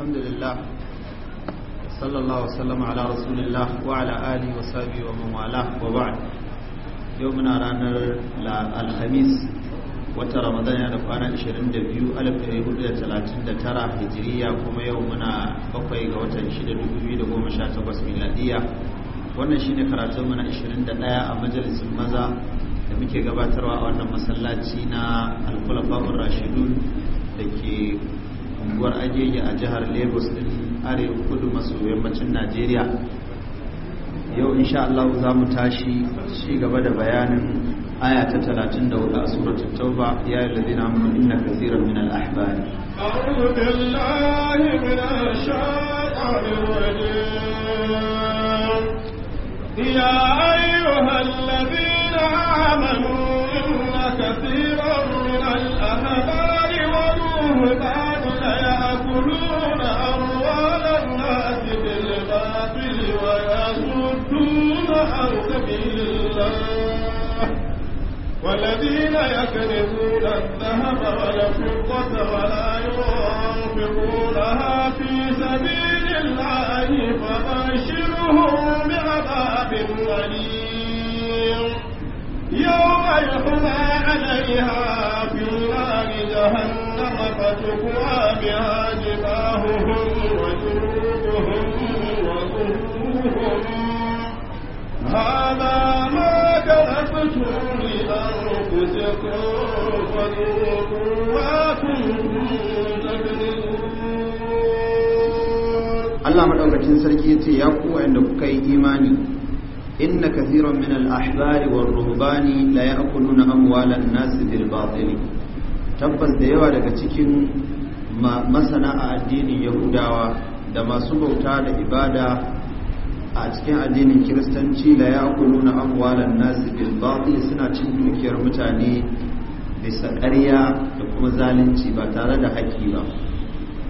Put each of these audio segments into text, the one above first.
الحمد لله صلى الله وسلم على رسول الله وعلى آله وصحبه ومن والاه وبعد يومنا رانا الخميس wata ramadan yana da kwana 22,439 hijiriya kuma yau muna bakwai ga watan 6,2018 miladiya wannan shi ne karatun muna 21 a majalisin maza da muke gabatarwa a wannan masallaci na alkulafa'un rashidun da ke unguwar ajiyayya a jihar lagos din arewa kudu maso yammacin najeriya yau insha Allah za mu tashi shi gaba da bayanin aya ta 34 a suratul tauba ya yi amanu inna kaseeran min min يأكلون أموال الناس بالباطل ويصدون عن سبيل الله والذين يكرهون الذهب والفضة ولا ينفقونها في سبيل الله فبشرهم بعذاب أليم يوم يحمى عليها في نار جهنم فتكوى بها جباههم وجنوبهم وظهورهم هذا ما كنفتم لأنفسكم فذوقوا ما كنتم Allah madaukakin sarki yace ya ku wanda kuka yi imani inna kathiran min al-ahbari war-ruhbani la ya'kuluna amwalan nas bil batili tabbas da yawa daga cikin masana a addinin yahudawa da masu bauta da ibada a cikin addinin kiristanci da ya kulu na akwalan nasu bilbaɗi suna cin dukiyar mutane bisa ƙarya da kuma zalunci ba tare da haƙƙi ba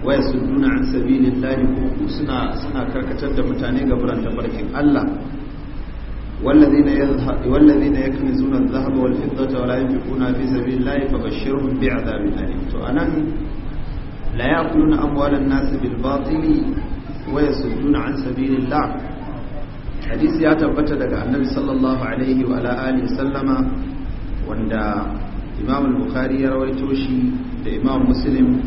waya sun nuna an sabilin lari suna karkatar da mutane ga buran barkin allah والذين والذين يكنزون الذهب والفضة ولا ينفقونها في سبيل الله فبشرهم بعذاب أليم فأنا لا يأكلون أموال الناس بالباطل ويصدون عن سبيل الله حديث يا تبت daga annabi sallallahu alaihi wa ala alihi sallama wanda imam al ya rawaito shi da imam muslim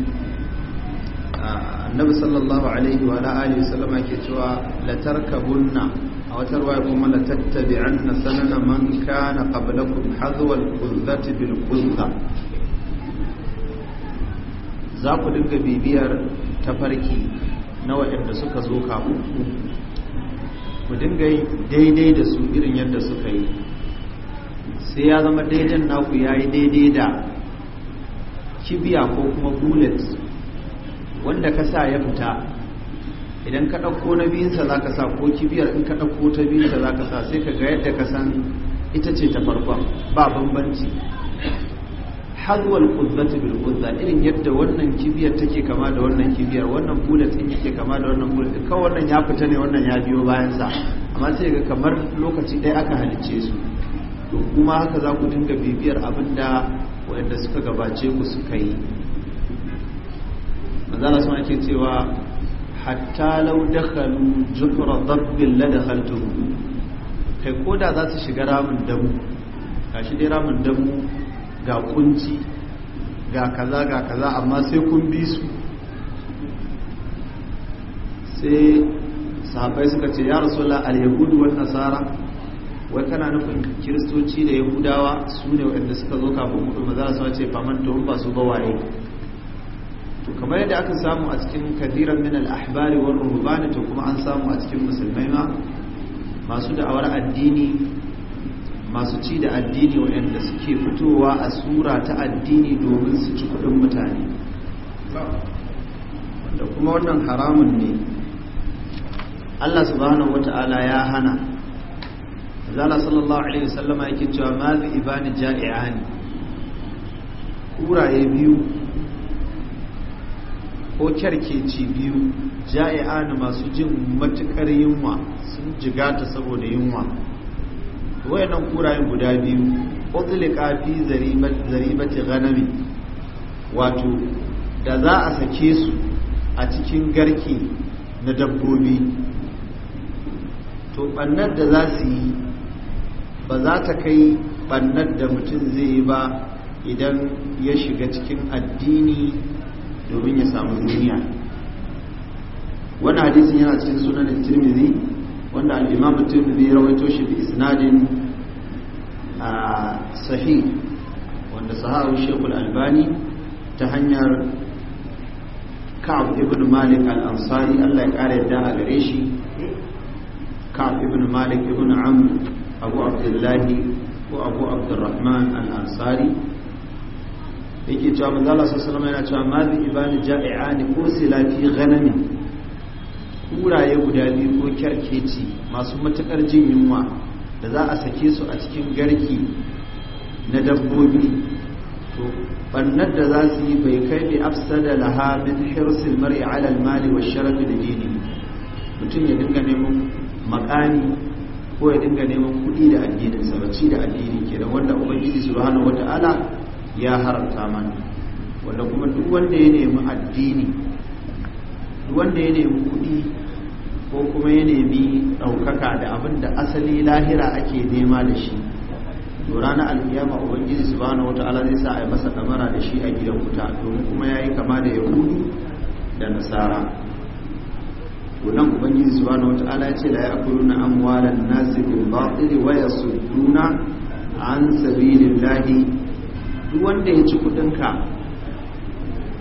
annabi sallallahu alaihi ke cewa latarka tarkabunna a wata ruwa kuma la tattabi'anna sanana man kana qablakum hadwa al bil za ku dinga bibiyar tafarki na waɗanda suka zo kafin ku dinga yi daidai da su irin yadda suka yi sai ya zama daidan naku ya yi daidai da kibiya ko kuma bullet wanda ka sa ya fita idan ka ɗauko na biyunsa za ka sa ko kibiyar in ka ɗauko ta biyunsa za ka sa sai ka ga yadda ka san ita ce ta farkon ba bambanci hazuwar kuzzati bil kuzza irin yadda wannan kibiyar take kama da wannan kibiyar wannan bulat din yake kama da wannan bulat kawai wannan ya fita ne wannan ya biyo bayansa. amma sai ga kamar lokaci ɗaya aka halicce su to kuma haka za ku dinga bibiyar abin da waɗanda suka gabace ku suka yi na suma ke cewa hatta lau dakhalu juhra dabbin la dakhaltuhu kai koda za su shiga ramin damu shi dai ramin damu ga kunci ga kaza ga kaza amma sai kun bi su sai sahabbai suka ce ya rasulullah al yahud wan nasara wai kana nufin kiristoci da yahudawa su ne waɗanda suka zo kafin mu za su ce faman to ba su ba waye to kamar yadda aka samu a cikin kadiran min al-ahbari wal ruhbani to kuma an samu a cikin musulmai ma masu awar addini masu ci da addini waɗanda suke fitowa a sura ta addini domin su ci kuɗin mutane da kuma wannan haramun ne Allah subhanahu wata'ala ya hana zala sallallahu alaihi wasallama yake cewa bi ibani ja'i'ani kuraye biyu ko kyarkeci biyu ja'i'ani masu jin matukar yunwa sun jigata saboda yunwa nan kurayen guda biyu utlika fi zaribati ghanami wato da za a sake su a cikin garki na dabbobi to bannar da za su yi ba za ta kai bannar da mutum zai yi ba idan ya shiga cikin addini domin ya samu duniya wannan hadisin yana cikin sunan tirmidhi wanda al-imam tirmidhi rawaito shi bi isnadin Sahi, wanda sahahu shekul albani ta hanyar ka'ab ibn malik al-ansari Allah ya kare yadda a gare shi ka'ab ibn malik ibn amr abu abdullahi ko abu abdurrahman al-ansari yake cewa manzo Allah sallallahu alaihi yana cewa ma bi ibani ko silafi ghanami kuraye guda biyu ko kyarkeci masu matukar jin yunwa da za a sake su a cikin garki na dabbobi to bannar da za su yi bai kai bi afsada laha min hirsil mar'i ala al-mali wa sharaf da dini mutum ya dinga neman makani ko ya dinga neman kuɗi da addinin sabaci da addini kenan wanda ubangiji subhanahu wata'ala ya haramta mana wanda kuma duk wanda ya nemi addini duk wanda ya nemi kuɗi ko kuma ya nemi ɗaukaka da abin da asali lahira ake nema da shi to rana alkiyama ubangiji subhanahu wataala zai sa a yi masa kamara da shi a gidan wuta domin kuma ya yi kama da yahudu da nasara to nan ubangiji subhanahu wataala ya ce la ya'kuluna amwalan nasi bil batili wa yasudduna an sabilillahi duk wanda ya ci kudinka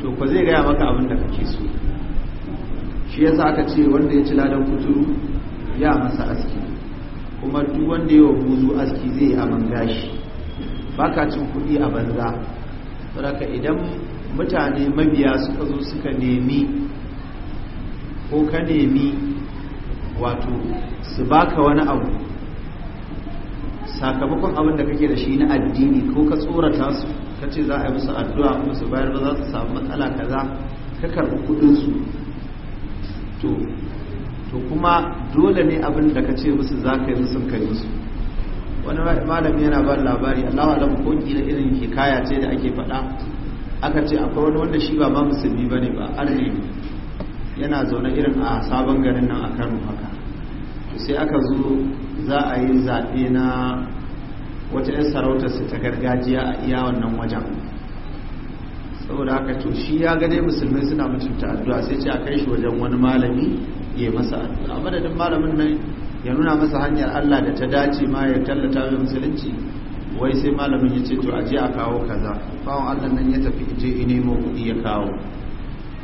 to ko zai gaya maka abin da kake so shi yasa aka ce wanda ya ci ladan kuturu ya masa aski kuma duk wanda ya buzu aski zai yi aman gashi baka cin kudi a banza saboda idan mutane mabiya suka zo suka nemi ko ka nemi wato su baka wani abu sakamakon abin da kake da shi na addini ko ka tsorata su ka ce za a yi musu addu'a kuma su bayar ba za su samu matsala kaza ka karɓi kuɗinsu to to kuma dole ne abin da ka ce musu za ka yi musu kai musu wani malami yana ba labari Allah wa ko kila irin hikaya ce da ake faɗa aka ce akwai wani wanda shi ba ma musulmi bane ba arni yana zaune irin a sabon garin nan a Kano haka sai aka zo za a yi zaɓe na wata 'yan su ta gargajiya a iya wannan wajen saboda haka to shi ya gane musulmai suna mutunta addu'a sai ce a kai shi wajen wani malami ya masa addu'a madadin malamin nan ya nuna masa hanyar Allah da ta dace ma ya tallata mai musulunci wai sai malamin ya ce to a je a kawo kaza bawon Allah nan ya tafi je ya nemo kuɗi ya kawo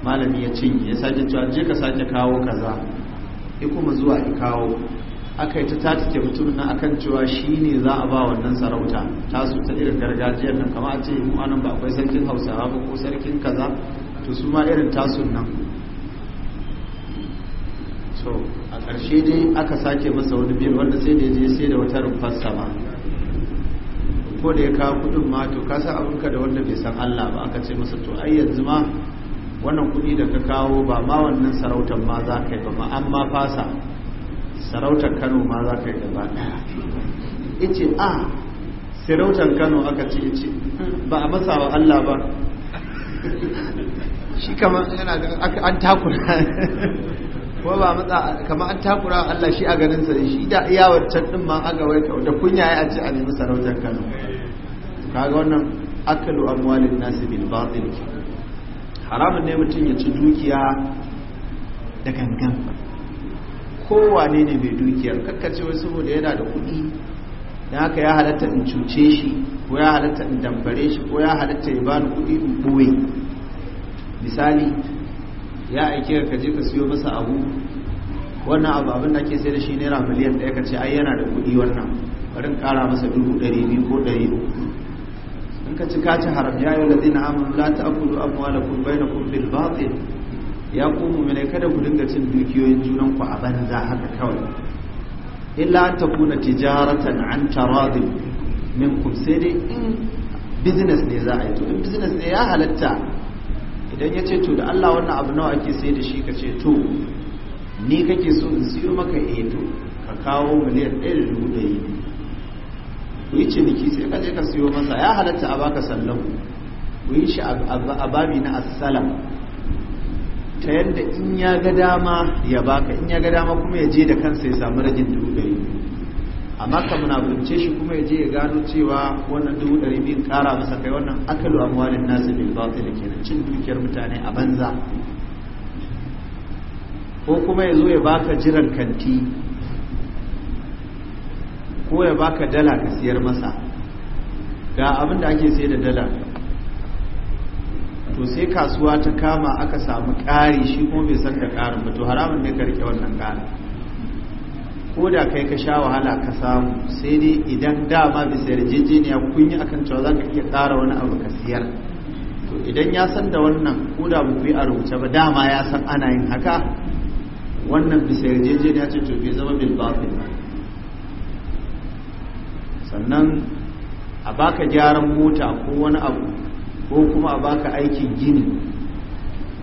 malami ya cinye ya sake cewa je ka sake kawo kaza ya kuma zuwa ya kawo aka yi ta tatike mutumin na akan cewa shi ne za a ba wannan sarauta tasu ta irin gargajiyar nan kama a ce mu anan ba akwai sarkin hausawa ba ko sarkin kaza to su ma irin tasun nan so a ƙarshe dai aka sake masa wani biyar wanda sai da je sai da wata rumfar ba ko da ya kawo kudin ma to ka san abinka da wanda bai san Allah ba aka ce masa to ai yanzu ma wannan kudi da ka kawo ba ma wannan sarautar ma za ka yi ba ma fasa sarautar kano ma za ka yi gaba ɗaya ce a ah, sarautar kano aka ce ce ba a masa wa allah ba shi kama yana an takura kuma ba matsa kama an takura allah shi a ganin sa shi da iya wancan din ma aga wai da kunya ya ce a nemi sarautar kano kaga wannan akalu amwalin nasi bil batil haramun ne mutum ya ci dukiya da gangan kowane ne mai dukiyar kakkace wai saboda yana da kuɗi da haka ya halatta in cuce shi ko ya halatta in dambare shi ko ya halatta ya bani kuɗi in ɓoye misali ya aike ka je ka siyo masa abu wannan abu abin da ke sai da shi naira miliyan ɗaya ka ce ai yana da kuɗi wannan barin ƙara masa dubu ɗari biyu ko ɗari in ka ci kaci haram ya yi wa ladina amanu la ta'kulu amwalakum bainakum bil batil ya kuma mai kada ku dinga cin dukiyoyin junanku a banza haka kawai illa ta kuna tijaratan an taradin ku sai dai in business ne za a yi to in business ne ya halatta idan ya ce to da Allah wannan abu nawa ake sai da shi ka ce to ni kake so in siyo maka eh ka kawo miliyan ɗaya da dubu ɗari ku yi ciniki sai ka je ka siyo masa ya halatta a baka sallahu ku yi shi a babi na assalam ta yadda in ya ga dama ya baka in ya ga dama kuma ya je da kansa ya samu rajin dubu ɗari amma ka muna munafunce shi kuma ya je ya gano cewa wannan dubu ɗari biyun ƙara masa kai wannan akalu amwalin nasu bil batil kenan cin dukiyar mutane a banza ko kuma ya zo ya baka jiran kanti ko ya baka dala ka siyar masa ga abin da ake sai da dala to sai kasuwa ta kama aka samu ƙari shi kuma bai san da ƙarin ba to haramun ne ka rike wannan ƙarin ko da kai ka sha wahala ka samu sai dai idan dama bisa yarjejeniya kun yi akan cewa za ka iya ƙara wani abu ka siyar to idan ya san da wannan ko da ba yi a rubuce ba dama ya san ana yin haka wannan bisa yarjejeniya ce to bai zama bil batil sannan a baka gyaran mota ko wani abu ko kuma a baka aikin gini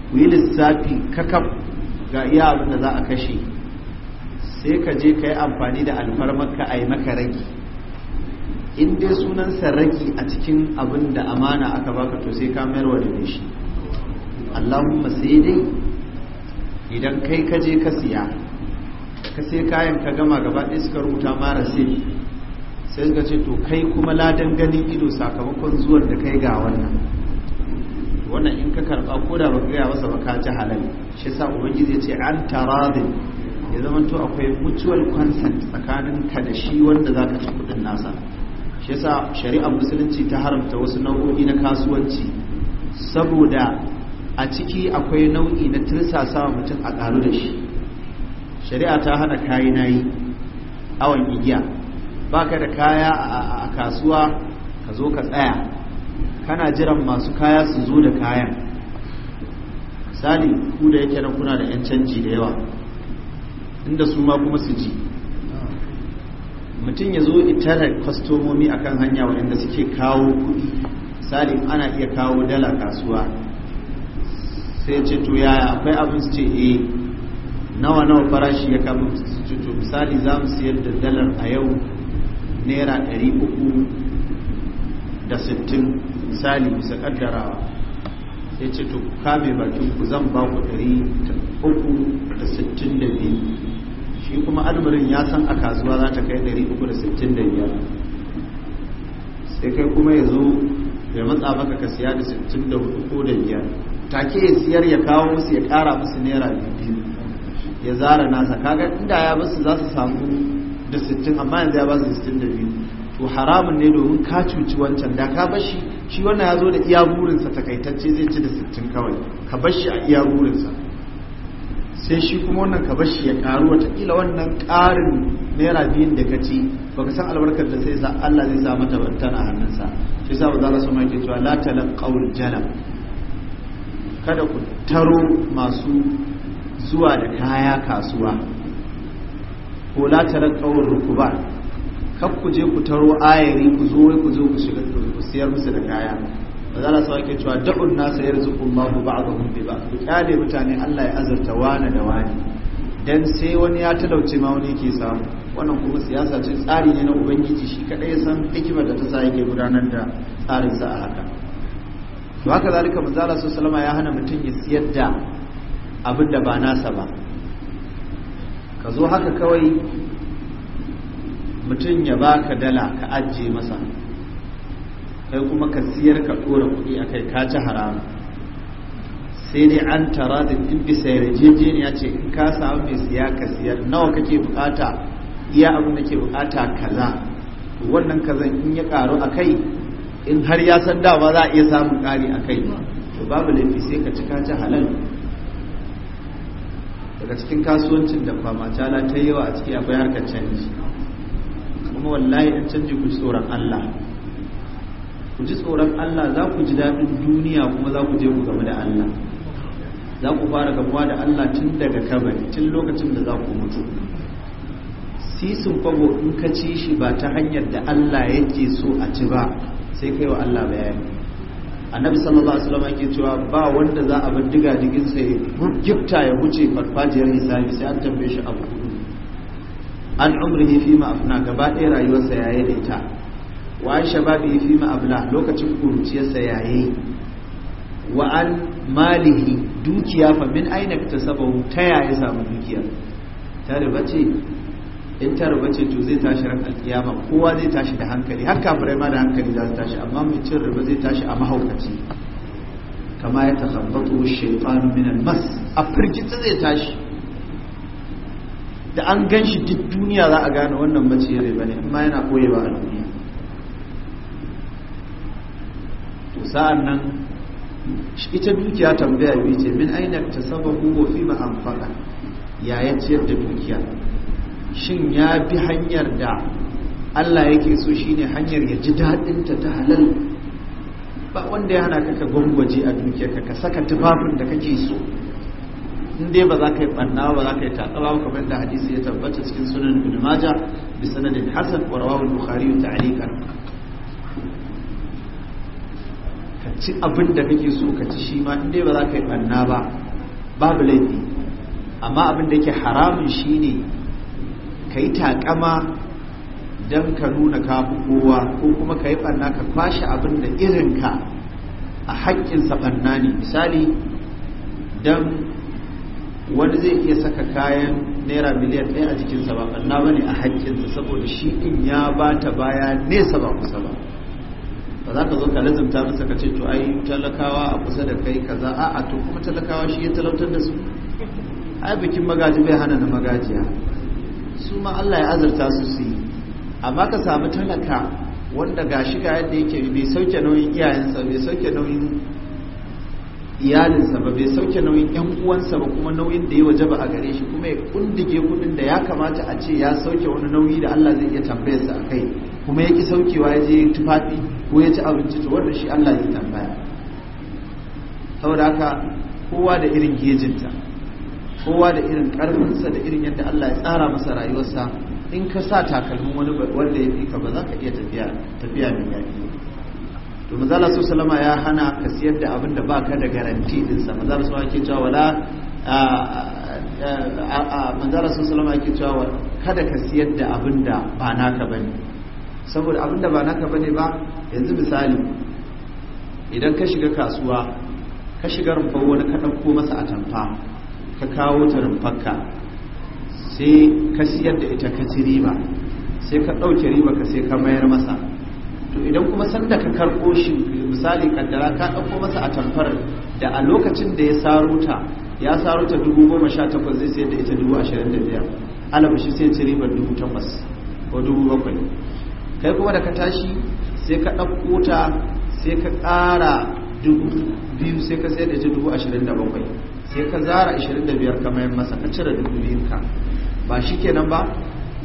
ku yi lissafi kakaf ga iya abin da za a kashe sai ka je ka yi amfani da alfarmarka a yi maka ragi in dai sunansa ragi a cikin abin da amana aka baka to sai ka mayarwa da shi allahumma sai dai idan kai ka je ka siya ka sai kayan ka gama gaba ɗaya suka rubuta mara sai sai suka ce to kai kuma ladan ganin ido sakamakon zuwan da kai ga wannan wannan in ka karɓa ko da ba gaya masa ba ka ji halal shi yasa ubangiji ya ce an taradin ya zama to akwai mutual consent tsakanin ka da shi wanda za ka ci kuɗin nasa shi yasa shari'ar musulunci ta haramta wasu nau'o'i na kasuwanci saboda a ciki akwai nau'i na sa mutum a ƙaru da shi shari'a ta hana kayi nayi awon igiya baka da kaya a kasuwa ka zo ka tsaya kana jiran masu kaya su zo da kayan misali ku da yake nan kuna da 'yan canji da yawa inda su ma kuma su ji mutum ya zo itarar kwastomomi a kan hanya waɗanda suke kawo kuɗi misali ana iya kawo dala kasuwa sai ce to yaya akwai abin su ce eh nawa nawa farashi ya kama su ce to misali za mu siyar da dalar a yau naira ɗari uku. da sittin misali bisa kaddarawa sai ce to kame bakin ku zan ba ku ɗari uku da sittin da biyu shi kuma almarin ya san a kasuwa za ta kai ɗari uku da sittin da biyar sai kai kuma ya zo ya matsa maka ka siya da sittin da hudu ko da biyar ke ya siyar ya kawo musu ya kara musu naira biyu ya zara nasa kaga inda ya basu za su samu da sittin amma yanzu ya ba su sittin da biyu to haramun ne domin ka cuci wancan da ka bashi shi wannan ya zo da iya burinsa takaitacce zai ci da sittin kawai ka bashi a iya burinsa sai shi kuma wannan ka bashi ya karu watakila wannan karin naira biyun da ka ci ba san albarkar da sai sa Allah zai sa mata bantan a hannunsa shi sa ba za la sama ke cewa la talaqaul jalam kada ku taro masu zuwa da kaya kasuwa ko la talaqaul rukuban kar ku je ku taro ayari ku zo wai ku zo ku shiga ku siyar musu da kaya ba za su wake cewa da'un nasa yarzuqullahu ba'dahum bi ba ku kyale mutane Allah ya azurta wani da wani dan sai wani ya talauce ma wani ke samu wannan kuma siyasa ce tsari ne na ubangiji shi kadai ya san hikimar da ta sa yake gudanar da tsarin sa a haka to haka zalika manzo Allah sallallahu ya hana mutum ya siyar da abin da ba nasa ba ka zo haka kawai mutum ya baka dala ka ajiye masa kai kuma ka siyar ka ɗora kuɗi a kai ka ci haramu sai dai an tara da in bisa yarjejeniya ce in ka samu mai siya ka siyar nawa kake bukata iya abin da ke bukata kaza wannan kazan in ya karu a kai in har ya san da ba za a iya samun kari a kai to babu laifi sai ka ci ka ci halal daga cikin kasuwancin da kwamacala ta yi yawa a ciki akwai harkar canji kuma wallahi in canji ku tsoron Allah ku ji tsoron Allah za ku ji daɗin duniya kuma za ku je ku game da Allah za ku fara gamuwa da Allah tun daga kabari tun lokacin da za ku mutu sisin fago in ka ci shi ba ta hanyar da Allah yake so a ci ba sai kai wa Allah bayani annabi sallallahu alaihi wasallam yake cewa ba wanda za a bar diga digin sai gifta ya wuce farfajiyar hisabi sai an tambaye shi abu an umrihi fi ma gaba ɗaya rayuwarsa ya da ita wa an shababi fi ma lokacin kuruciyarsa yi wa an malihi dukiya fa min aina saba ta yaya samu dukiya ta riba ce in ta riba ce to zai tashi ran alkiyama kowa zai tashi da hankali har kafirai ma da hankali za su tashi amma mai cin riba zai tashi a mahaukaci kama ya takhabbatu shaytanu min minan mas a firgita zai tashi da an gan shi duk duniya za a gane wannan mace ba ne amma yana koyewa a duniya to sa'an nan ita dukiya tambaya bi ce min aina ta saba ko fi ma amfaka ya ya ciyar da dukiya shin ya bi hanyar da Allah yake so shine hanyar ya ji daɗinta ta halal ba wanda ya hana ka ka gwangwaje a dukiyarka ka saka tufafin da kake so in dai ba za ka yi banna ba za ka yi takaba ba kamar da hadisi ya tabbata cikin sunan ibn majah bi sanadin hasan wa rawahu al-bukhari ta'liqan ka ci abin da kake so ka ci shi ma in dai ba za ka yi banna ba babu laifi amma abin da yake haramun shine ka yi takama don ka nuna ka fi kowa ko kuma ka yi banna ka kwashe abin da irinka a haƙƙinsa banna ne misali don wani zai iya saka kayan naira miliyan ɗaya a jikinsa ba na ba ne a sa saboda shi in ya bata baya nesa ba kusa ba ba za ka zo ka lazimta masa ka ce to ai talakawa a kusa da kai kaza a a to kuma talakawa shi ya talautar da su ai bikin magaji bai hana na magajiya su ma Allah ya azurta su su yi amma ka samu talaka wanda gashi ga yadda yake bai sauke nauyin iyayensa bai sauke nauyin iyalinsa ba bai sauke nauyin yan uwansa ba kuma nauyin da ya waje ba a gare shi kuma ya kundige kudin da ya kamata a ce ya sauke wani nauyi da Allah zai iya tambayarsa a kai kuma ya saukewa ya je tufafi ko ya ci abinci to wannan shi Allah zai tambaya saboda haka kowa da irin gejinta kowa da irin karfinsa da irin yadda Allah ya tsara masa rayuwarsa in ka sa takalmin wani wanda ya fi ka ba za ka iya tafiya tafiya mai yaƙi to manzala su salama ya hana ka siyar da abin da baka da garanti dinsa manzala su ake cewa wala manzala su salama ake cewa kada ka siyar da abin da ba naka bane saboda abin da ba naka bane ba yanzu misali idan ka shiga kasuwa ka shiga rumfar wani ka ɗauko masa atamfa ka kawo ta rumfarka sai ka siyar da ita ka ci riba sai ka ɗauke riba ka sai ka mayar masa to idan kuma sanda ka karko shi misali kaddara ka ɗauko masa a tamfar da a lokacin da ya saruta ya saruta dubu goma sha takwas zai sayar da ita dubu ashirin da biyar alabashi sai ci ribar dubu takwas ko dubu bakwai kai kuma da ka tashi sai ka ɗauko ta sai ka ƙara dubu biyu sai ka sayar da ita dubu ashirin da bakwai sai ka zara ashirin da biyar ka mayar masa ka cire dubu biyun ka ba shi kenan ba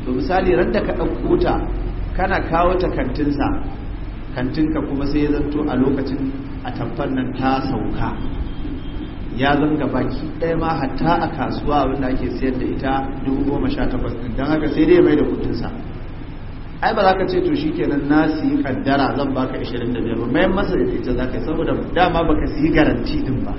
to misali ran da ka ɗauko ta kana kawo ta kantinka kuma sai ya zanto a lokacin a tamfan nan ta sauka ya zanga baki ɗaya ma hatta a kasuwa wanda ake sayar da ita 18,000 don haka sai dai mai da kudinsa ai ba za ka ce to shi kenan na siyi kaddara zan baka 25 ba mayan masa da ita za ka yi saboda dama ba baka siyi garanti din ba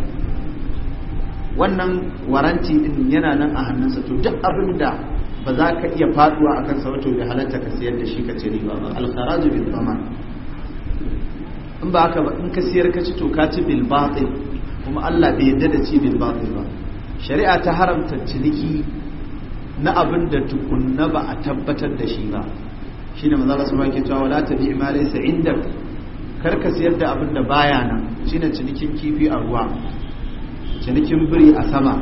wannan waranti din yana nan a hannunsa to duk abin da ba za ka iya faduwa a sa wato da halatta ka sayar da shi ka ce riba ba al-kharaju bil in ba haka ba in ka siyar ka ci to ka ci bil batil kuma Allah bai yarda da ci bil batil ba shari'a ta haramta ciniki na abin da tukunna ba a tabbatar da shi ba shine manzo Allah subhanahu wa ta'ala wala tabi ma laysa inda kar ka siyar da abin da baya nan shine cinikin kifi a ruwa cinikin biri a sama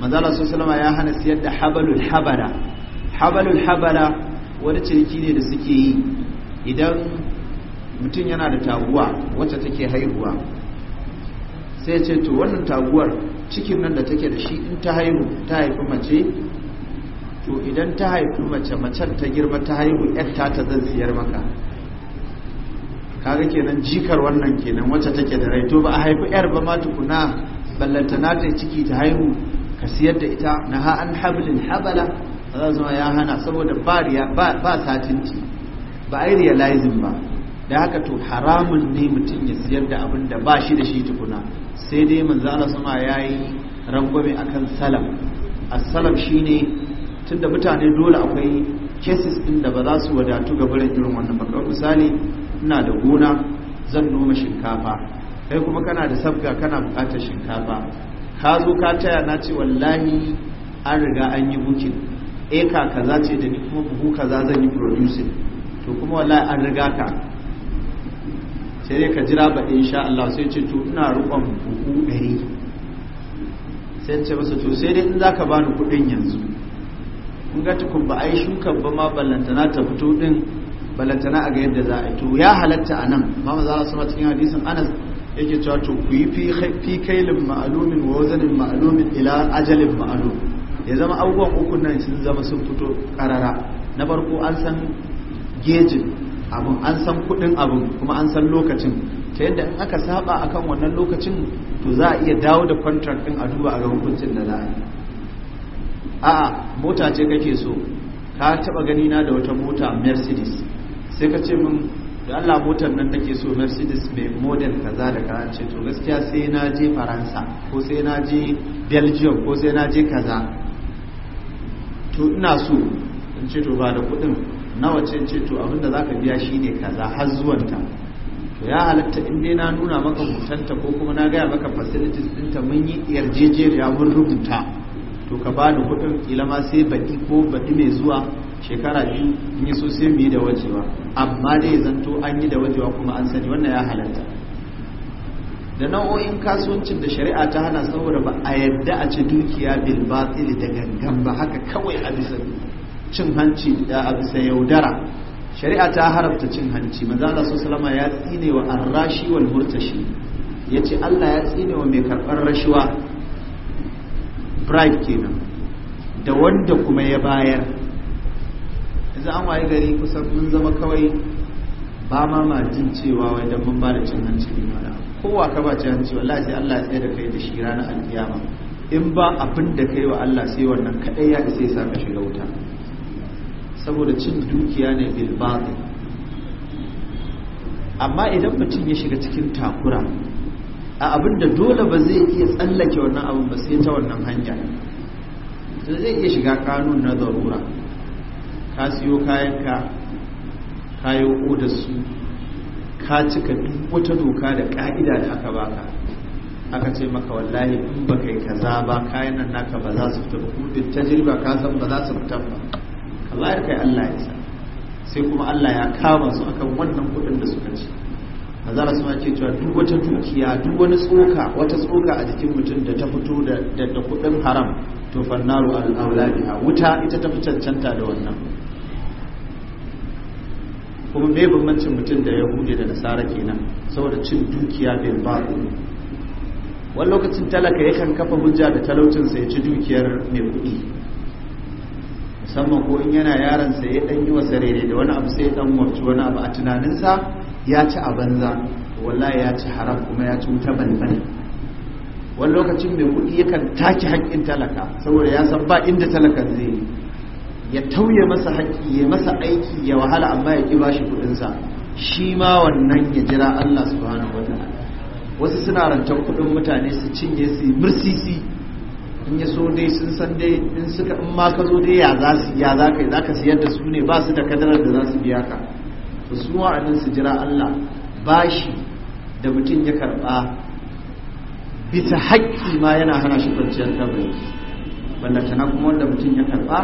manzo Allah sallallahu alaihi ya hana siyar da habalul habala habalul habala wani ciniki ne da suke yi idan mutum yana da taguwa wacce take haihuwa sai ce to wannan taguwar cikin nan da take da shi in ta haihu ta haifi mace to idan ta haifi mace macen ta girma ta haihu yarta ta zan siyar maka kaga kenan jikar wannan kenan wacce take da rai to ba a haifi yar ba ma tukuna ballanta na ta ciki ta haihu ka siyar da ita na ha an hablin habala za zama ya hana saboda ba satinci ba yi realizing ba da haka to haramun ne mutum ya siyar da abin da ba shi da shi tukuna sai dai manzo Allah sama yayi rangwame akan salam as-salam shine tunda mutane dole akwai cases din da ba za su wadatu ga barin irin wannan ba kamar misali ina da gona zan noma shinkafa kai kuma kana da sabga kana buƙatar shinkafa ka zo ka taya na ce wallahi an riga an yi bukin eka kaza ce da ni kuma buhu kaza zan yi producing to kuma wallahi an riga ka sai dai ka jira ba insha Allah sai ce to ina rukon buhu ɗari sai ce masa to sai dai in za ka bani kuɗin yanzu kun ga tukun ba a yi shukan ba ma ballantana ta fito ɗin ballantana a ga yadda za a to ya halatta anan nan ma za Allah sama cikin hadisin Anas yake cewa to ku yi fi kailin ma'alumin wa wazanin ma'alumin ila ajalin ma'alum ya zama abubuwan uku nan sun zama sun fito karara na farko an san gejin abin an san kudin abin kuma an san lokacin ta yadda in aka saba akan wannan lokacin to za a iya dawo da contract ɗin a duba a ga hukuncin da za a yi a'a mota ce kake so ka taba gani na da wata mota mercedes sai ka ce min da Allah motar nan nake so mercedes mai model kaza da kaza ce to gaskiya sai na je faransa ko sai na je belgium ko sai na je kaza to ina so in ce to ba da kudin nawa ce ce to abinda za ka biya shi ne kaza har zuwanta to ya halatta in dai na nuna maka hutanta ko kuma na gaya maka facilities ɗinta mun yi yarjejeriya mun rubuta to ka ba da kuɗin kila ma sai baɗi ko baɗi mai zuwa shekara biyu in yi so sai mu yi da wajewa amma dai zanto an yi da wajewa kuma an sani wannan ya halatta da nau'o'in kasuwancin da shari'a ta hana saboda ba a yadda a ci dukiya bil batil da gangan ba haka kawai a bisa cin hanci a bisa yaudara shari'a ta haramta cin hanci manzo Allah sallallahu ya tsine wa arrashi wal murtashi yace Allah ya tsine wa mai karbar rashuwa pride kenan da wanda kuma ya bayar idan an waye gari kusan mun zama kawai ba ma ma jin cewa wai dan mun bada cin hanci ne mana kowa ka ba cin hanci wallahi sai Allah ya tsaya da kai da shi ranar alkiyama in ba abin da kai wa Allah sai wannan kadai ya isa ya ka shiga wuta saboda cin dukiya ne bil amma idan mutum ya shiga cikin takura a abin da dole ba zai iya tsallake wannan abin ba sai ta wannan hanya to zai iya shiga kanun na zarura ka siyo kayanka kayo da su ka cika duk wata doka da ka'ida da aka baka aka ce maka wallahi in ba kai kaza ba kayan nan naka ba za su fita ba kudin tajriba ka san ba za su fita ba wallahi kai Allah ya sa sai kuma Allah ya kama su akan wannan kudin da suka ci hazara su ake cewa duk wata dukiya duk wani tsoka wata tsoka a jikin mutum da ta fito da da kudin haram to fannaru al a wuta ita ta fi cancanta da wannan kuma me bambancin mutum da ya yahudi da nasara kenan saboda cin dukiya bai ba wani lokacin talaka yakan kafa hujja da talaucin sa ya ci dukiyar mai kuɗi musamman ko in yana yaron sa ya dan yi wa da wani abu sai ya dan warci wani abu a tunaninsa ya ci a banza wallahi ya ci haram kuma ya ci wuta balbal wani lokacin mai kuɗi yakan taki haƙƙin talaka saboda ya san ba inda talakan zai yi ya tauye masa haƙƙi ya masa aiki ya wahala amma ya ƙi bashi kuɗinsa shi ma wannan ya jira Allah subhanahu wa wasu suna rantar kuɗin mutane su cinye su mursisi in ya so dai sun san dai in suka in ma ka zo dai ya za su ya za ka za ka siyar da su ne ba su da kadarar da za su biya ka ba su wa'annan su jira Allah bashi da mutum ya karba bisa haƙƙi ma yana hana shi kwanciyar kabari tana kuma wanda mutum ya karba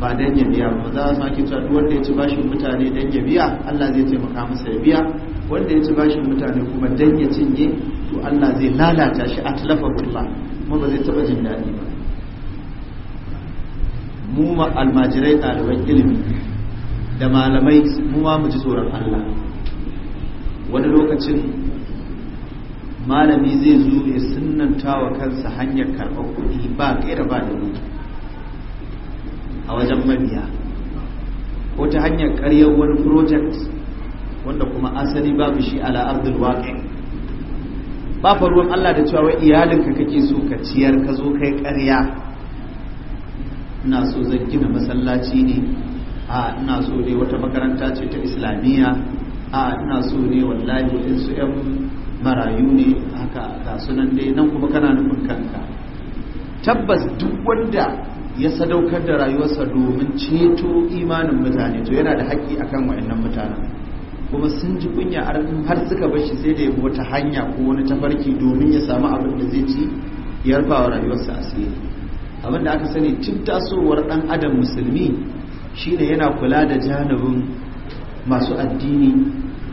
ba dan ya biya ba za su ake cewa wanda ya ci bashin mutane dan ya biya Allah zai taimaka masa ya biya wanda ya ci bashin mutane kuma dan ya cinye to Allah zai lalata shi a atlafa gurba kuma ba zai taba jin daɗi ba mu ma almajirai ɗaliban ilimi da malamai mu ma mu ji tsoron Allah wani lokacin malami zai zo ya sunanta wa kansa hanyar karɓar kuɗi ba ƙera ba da a wajen mabiya ko ta hanyar ƙaryar wani project wanda kuma asali babu shi ala ardul waqi' ba faruwan ruwan Allah da cewa wai iyalinka kake so ka ciyar ka zo kai ƙarya ina so zan gina masallaci ne a ina so ne wata makaranta ce ta islamiyya a ina so ne wallahi su 'yan marayu ne haka ga sunan dai nan kuma kana nufin kanka tabbas duk wanda ya sadaukar da rayuwarsa domin ceto imanin mutane to yana da haƙƙi akan waɗannan mutanen kuma sun ji kunya har suka bar shi sai da ya wata hanya ko wani tafarki domin ya samu abin da zai ci ya rufa wa rayuwarsa asiri abin da aka sani tun tasowar dan adam musulmi shine yana kula da janibin masu addini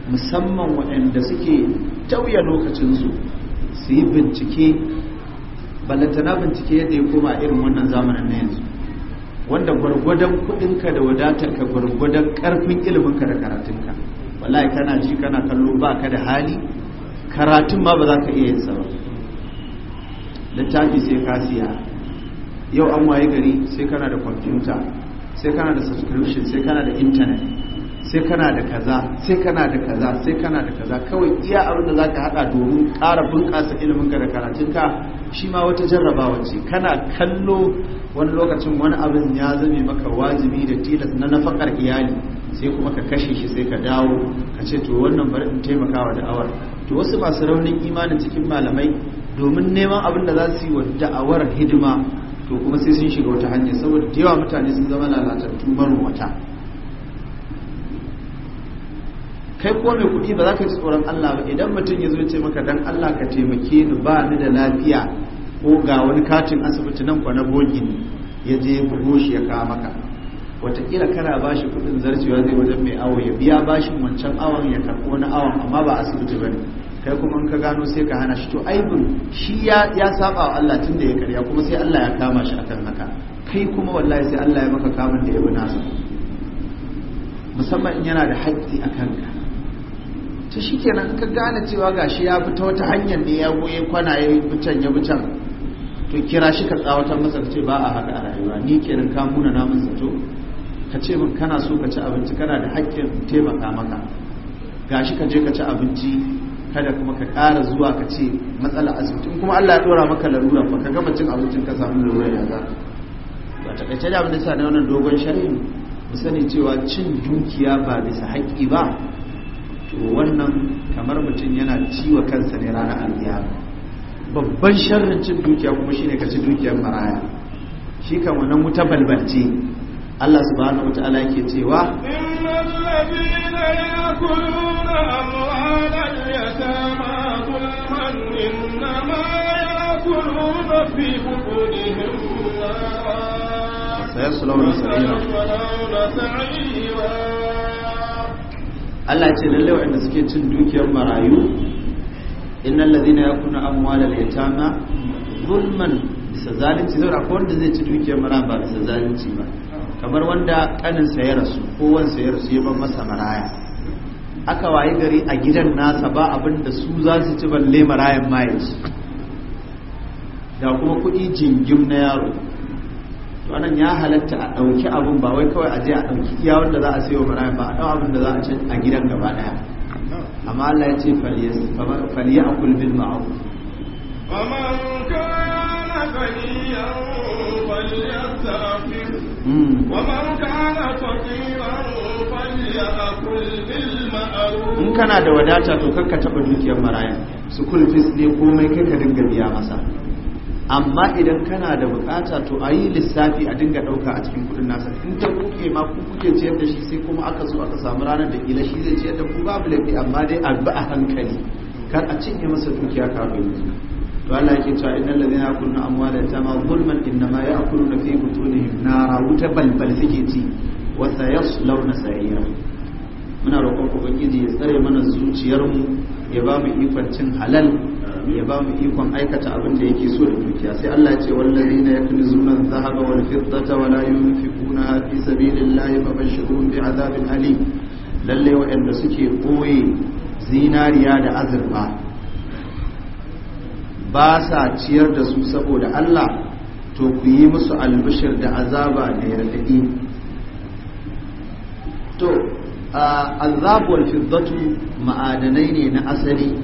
musamman waɗanda suke tauya lokacinsu su yi bincike ballantana bincike yadda ya koma irin wannan zamanin na yanzu wanda gwargwadon kuɗinka da wadatarka gwargwadon karfin iliminka da karatunka wallahi kana ji kana kallo ba ka da hali karatun ma ba za ka iya yinsa ba littafi sai ka siya yau an waye gari sai kana da kwamfuta sai kana da subscription sai kana da intanet sai kana da kaza sai kana da kaza sai kana da kaza kawai iya abin da za ka hada domin ƙara bunƙasa iliminka da karatunka shi ma wata jarrabawa ce kana kallo wani lokacin wani abin ya zame maka wajibi da tilas na nafakar iyali sai kuma ka kashe shi sai ka dawo ka ce to wannan bari in taimakawa da'awar to wasu masu raunin imanin cikin malamai domin neman abin da za su yi wa da'awar hidima to kuma sai sun shiga wata hanya saboda da yawa mutane sun zama lalatattu wata. kai ko mai kuɗi ba za ka yi tsoron Allah ba idan mutum ya zo ce maka dan Allah ka taimake ni ba ni da lafiya ko ga wani katin asibiti nan kwana bogi ne ya je bugo shi ya kawo maka watakila kana ba shi kudin zarcewa zai wajen mai awo ya biya bashin wancan awon ya karɓo wani awon amma ba asibiti ba ne kai kuma in ka gano sai ka hana shi to aibin shi ya saba wa Allah tun da ya karya kuma sai Allah ya kama shi akan haka kai kuma wallahi sai Allah ya maka kamun da ya bi nasa musamman yana da haƙƙi a kanka to kenan ka gane cewa ga shi ya ta wata hanyar ne ya goye kwana ya bucan ya bucan to kira shi ka tsawatar masa ka ce ba a haka a rayuwa ni kenan ka muna namun zato ka ce min kana so ka ci abinci kana da haƙƙin taimaka maka gashi ka je ka ci abinci kada kuma ka ƙara zuwa ka ce matsala asibiti kuma Allah ya dora maka larura ba ka gama cin abincin ka samu larura ya za ba ta kace da abinda a ne wannan dogon sharhi mu sani cewa cin dukiya ba bisa haƙƙi ba to wannan kamar mutum yana ciwa kansa ne ranar alƙiyama babban sharrin cin dukiya kuma shine ka ci dukiyar maraya shi kan wannan wuta balbalce Allah subhanahu wataala yake cewa innal ladina yakuluna amwalal yatama zulman innama yakuluna fi butunihim sayaslawna sa'ira Allah ce lalle wanda suke cin dukiyar marayu innal ladina yakuluna amwalal yatama zulman bisa zalunci zai akwai wanda zai ci dukiyar marayu ba bisa zalunci ba kamar wanda sa ya rasu ko wansa ya rasu ya ban masa maraya aka waye gari a gidan nasa ba abin su za su ci balle marayan mayaci da kuma kuɗi jingim na yaro to anan ya halatta a ɗauki abin ba wai kawai a je a ɗauki iya wanda za a sayo marayan ba a ɗau abin da za a ci a gidan gaba ɗaya amma Allah ya ce faliya a kulbin ma'auf in kana da wadata to kakka taba dukiyar maraya school fees ne komai kai ka dinga biya masa amma idan kana da bukata to a yi lissafi a dinga dauka a cikin kudin nasa in ta kuke ma ku kuke ciyar da shi sai kuma aka zo aka samu ranar da kila shi zai ciyar da ku babu laifi amma dai a bi a hankali kar a cinye masa dukiya kafin to Allah yake cewa innal ladina yakuluna amwala yatama zulman innama ya'kuluna fi butunihim nara wuta balbal suke ci wa sayaslawna sa'ira muna roƙon ubangiji ya tsare mana zuciyarmu ya ba mu ikon cin halal ya ba mu ikon aikata abin da yake so da dukiya sai Allah ya ce na yakunzuna adh-dhahaba wal fiddata wa la yunfiquna fi sabilillahi fabashshirhum bi'adhabin alim lalle wa'anda suke koye zinariya da azurfa ba sa ciyar da su saboda Allah to ku yi musu albishir da azaba da yardaɗi to azabuwar fiddatu ma'adanai ne na asali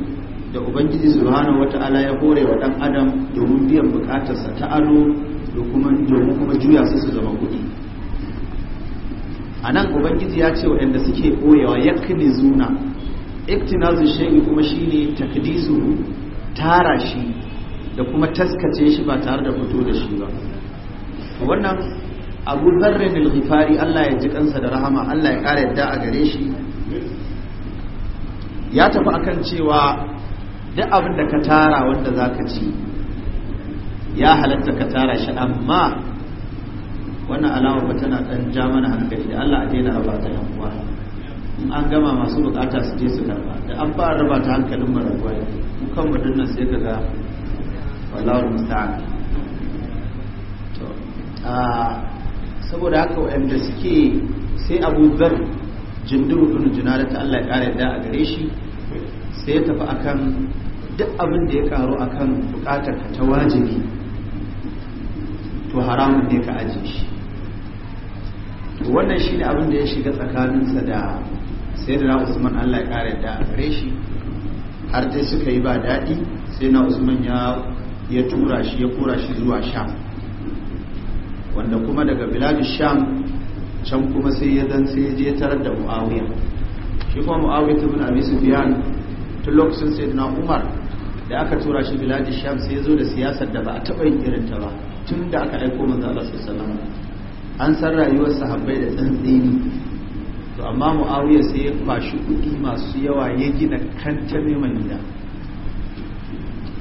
da ubangiji subhanahu wata'ala ya hore wa ɗan adam domin biyan bukatarsa ta alo, da kuma domin kuma juya su su zama kuɗi a nan ubangiji ya ce waɗanda suke koyewa ya zuna iktinazu shayi kuma shine takdisu. tara shi da kuma taskace shi ba tare da fito da shi ba wannan abu zarrin al Allah ya ji kansa da rahama Allah ya kara yadda a gare shi ya tafi akan cewa duk abin da ka tara wanda za ka ci ya halatta ka tara shi amma wannan alama ba tana dan ja mana hankali da Allah a daina raba ta yan uwa in an gama masu bukata su je su karba da an fara raba ta hankalin marabuwa kan mutum nan sai kaga wallahu musta'an to saboda haka wanda suke sai Abu Dhar jinduru bin junada ta Allah ya kare da a gare shi sai ya tafi akan duk abin da ya karu akan bukatar ka ta wajibi to haramun ne ka aje shi wannan shine abin da ya shiga tsakaninsa da sayyidina Usman Allah ya kare da a gare shi har dai suka yi ba daɗi sai na usman ya ya tura shi ya kora shi zuwa sham wanda kuma daga Biladu sham can kuma sai ya dan sai je tarar da muawiya shi kuma muawiya muna abi sufyan tun lokacin na umar da aka tura shi Biladu sham sai ya zo da siyasar da ba a taɓa yin irin ta ba tun da aka aiko manzo Allah salama an san rayuwar sahabbai da tsantsini to amma mu'awiya sai ya kwashi kuɗi masu yawa ya gina kanta meman gida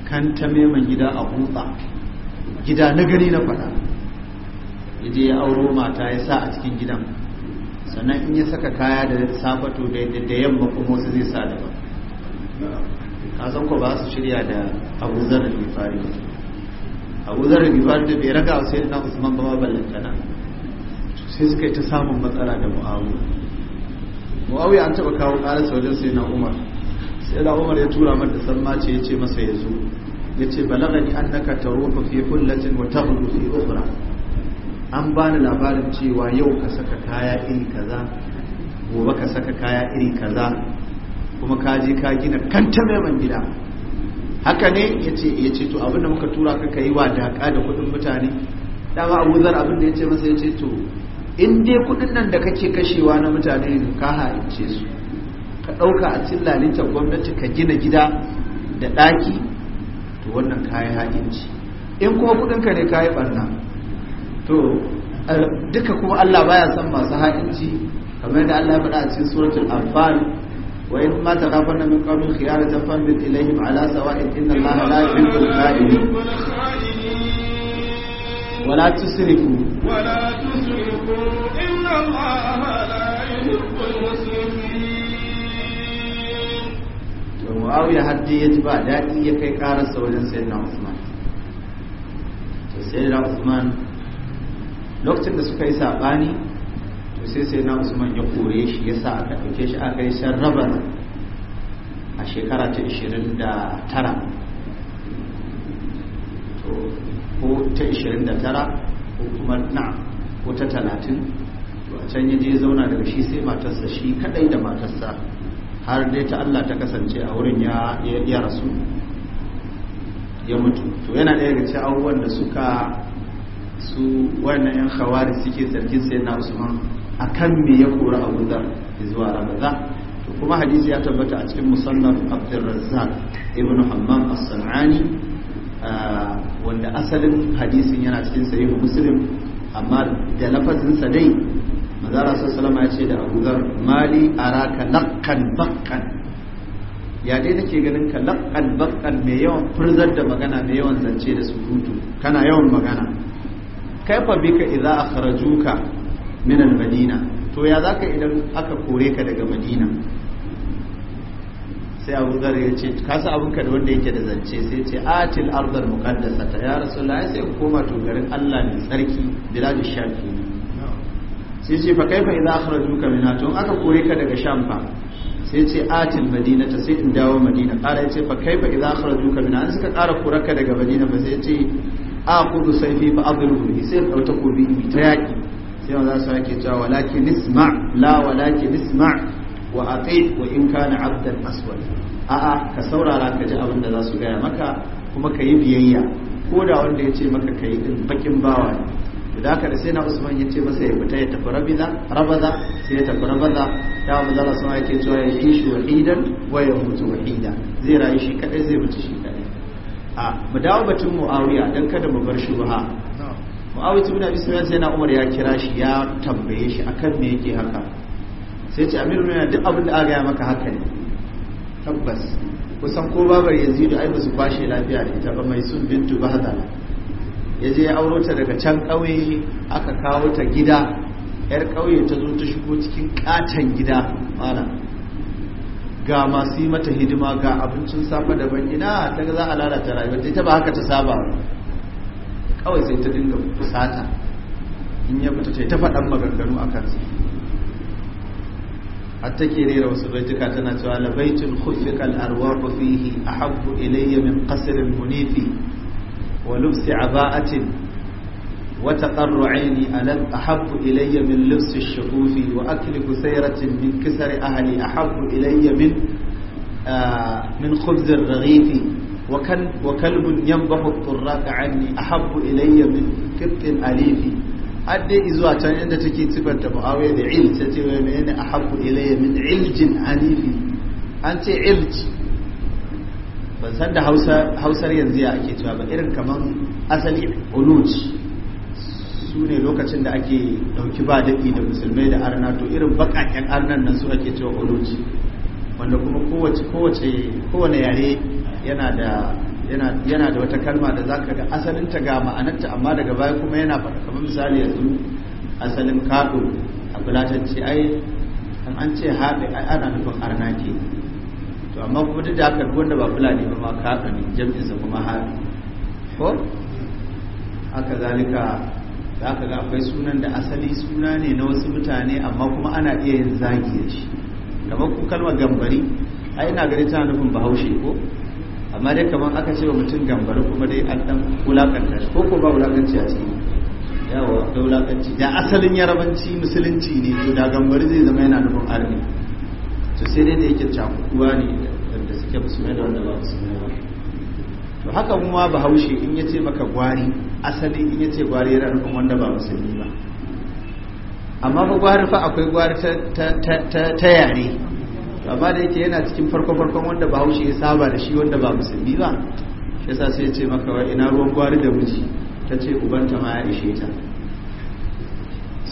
kanta meman gida a hutsa gida na gari na faɗa ya je ya auro mata ya sa a cikin gidan sannan in ya saka kaya da safato da yamma kuma wasu zai sa ka san ko ba su shirya da abu zarar fari abu zarar fari da bai raga sai na usman ba ballantana sai suka yi ta samun matsala da mu'awu muawiya an taba kawo karar saujin sai na umar sai da umar ya tura mata salma ce ya ce masa ya zo ya ce balagani annaka taruhu fi kullacin wa hudu fi ukhra an bani labarin cewa yau ka saka kaya iri kaza gobe ka saka kaya iri kaza kuma ka je ka gina kan ta mai gida haka ne yace ce to abinda muka tura ka kai wa daka da kuɗin mutane dama Abu Zar abinda ce masa ya ce to in dai kudin nan da kake kashewa na mutane ne ka haince su ka ɗauka a cikin lalitar gwamnati ka gina gida da ɗaki to wannan ka yi in kuma ka ne ka barna to duka kuma allah baya son masu ha'inci kamar yadda allah ya faɗa a cikin suratul anfal وإن ما تغافلنا من قبل خيانة فانبت إليهم على سواء inna الله لا يحب khaini ولا تسرفوا ولا تسرفوا إن الله لا يحب المسرفين ومعاوية حتى يتبع دائي يكي قارس وجن سيدنا عثمان سيدنا عثمان lokacin da suka yi saɓani to sai sai na usman ya kore shi ya sa aka ɗauke shi aka yi sarrabar a shekara ta 29 ko ta 29 ko kuma na ko ta 30 to a can yaje zauna daga shi sai matarsa shi kadai da matarsa har dai ta Allah ta kasance a wurin ya ya rasu ya mutu to yana daya ga cikin abubuwan da suka su wannan yan khawari suke sarki sai na Usman akan me ya kora Abu Dhar zuwa Ramadan to kuma hadisi ya tabbata a cikin musannaf Abdul ibn Hammam as-Sanani ah, wanda asalin hadisin yana cikin sahihu muslim amma da lafazin sa dai manzara sallallahu ya ce da Abu Dhar mali araka laqan bakkan ya dai nake ganin ka laqan bakkan mai yawan furzar da magana mai yawan zance da surutu kana yawan magana kaifa bika idza akhrajuka min al-madina to ya zaka idan aka kore ka daga madina sai abu zar ya ce kasa abinka da wanda yake da zance sai ce atil ardar muqaddasa ta ya rasulullahi sai ku koma to garin Allah mai tsarki biladu shafi sai ce fa kaifa idza akhrajuka min to aka kore ka daga sham fa sai ce atil ta sai in dawo madina kara ce fa kaifa idza akhrajuka min an suka kara kore ka daga madina ba sai ce a kudu saifi fa adrubu bi sai dau ta kobi ta yaki sai wanda su yake cewa walakin isma la walakin isma wa aqid wa in kana abdan aswad a'a ka saurara ka ji abin da za su gaya maka kuma ka yi biyayya ko da wanda ya ce maka ka yi din bakin bawa ne da ka da sai na usman ya ce masa ya fita ya tafi rabiza rabaza sai ya tafi rabaza ya mu zala sama yake cewa ya yi shi wahidan wa ya mutu wahida zai rayu shi kadai zai mutu shi kadai a mu dawo batun muawiya dan kada mu bar shi ba muawiya ibn abi sufyan sai na umar ya kira shi ya tambaye shi akan me yake haka sai ce amirul mu'minin duk abin da aka yi maka haka ne tabbas kusan ko babar yazidu ai basu bashi lafiya da ita ba mai sun bintu bahza ya je ya auro ta daga can ƙauye aka kawo ta gida yar ƙauye ta zo ta shigo cikin ƙaton gida mana ga masu yi mata hidima ga abincin safa daban ina ta za a lalata rayuwar ta ita ba haka ta saba kawai sai ta dinga fusata in ya fita ta faɗan maganganu a kansu حتى كيري رسول الله تكاتنا تعالى بيت خفق الأرواح فيه أحب إلي من قصر المنيف ولبس عباءة وتقر عيني ألم أحب إلي من لبس الشفوف وأكل كثيرة من كسر أهلي أحب إلي من آه من خبز الرغيف وكلب ينبح الطراق عني أحب إلي من فق أليفي har dai zuwa can inda take ta muawiya da ilj ta ce wa yana ahabbu ilayya min iljin hanifi an ce ilj ban san da hausar yanzu ya ake cewa ba irin kamar asali uluj su ne lokacin da ake dauki ba daɗi da musulmai da arna to irin bakaken arnan nan su ake cewa uluj wanda kuma kowace kowane yare yana da yana da wata kalma da za ka ga asalinta ga ma'anarta amma daga baya kuma yana faɗa kamar misali yanzu asalin kaɗo a fulatanci ai an an ce haɗe ai ana nufin arna ke to amma kuma duk da haka wanda ba fulani ba ma kaɗo ne jam'insa kuma haɗe ko haka zalika za ka ga akwai sunan da asali suna ne na wasu mutane amma kuma ana iya yin zagiyar shi kamar kalmar gambari ai ina gari tana nufin bahaushe ko amma dai kamar aka ce wa mutum gambari kuma dai an dan wulakanta shi ko ko ba wulakanci a ciki yawa da wulakanci da asalin yarabanci musulunci ne to da gambari zai zama yana nufin arni to sai dai da yake cakuwa ne da suke mai da wanda ba musulmai ba to haka kuma bahaushe in yace maka gwari asali in yace gwari yana nufin wanda ba musulmi ba amma ba gwari fa akwai gwari ta yare amma da yake yana cikin farko farkon wanda bahaushe ya saba da shi wanda ba musulmi ba shi sa sai ya ce maka wa ina ruwan gwari da miji ta ce ubanta ma ya ishe ta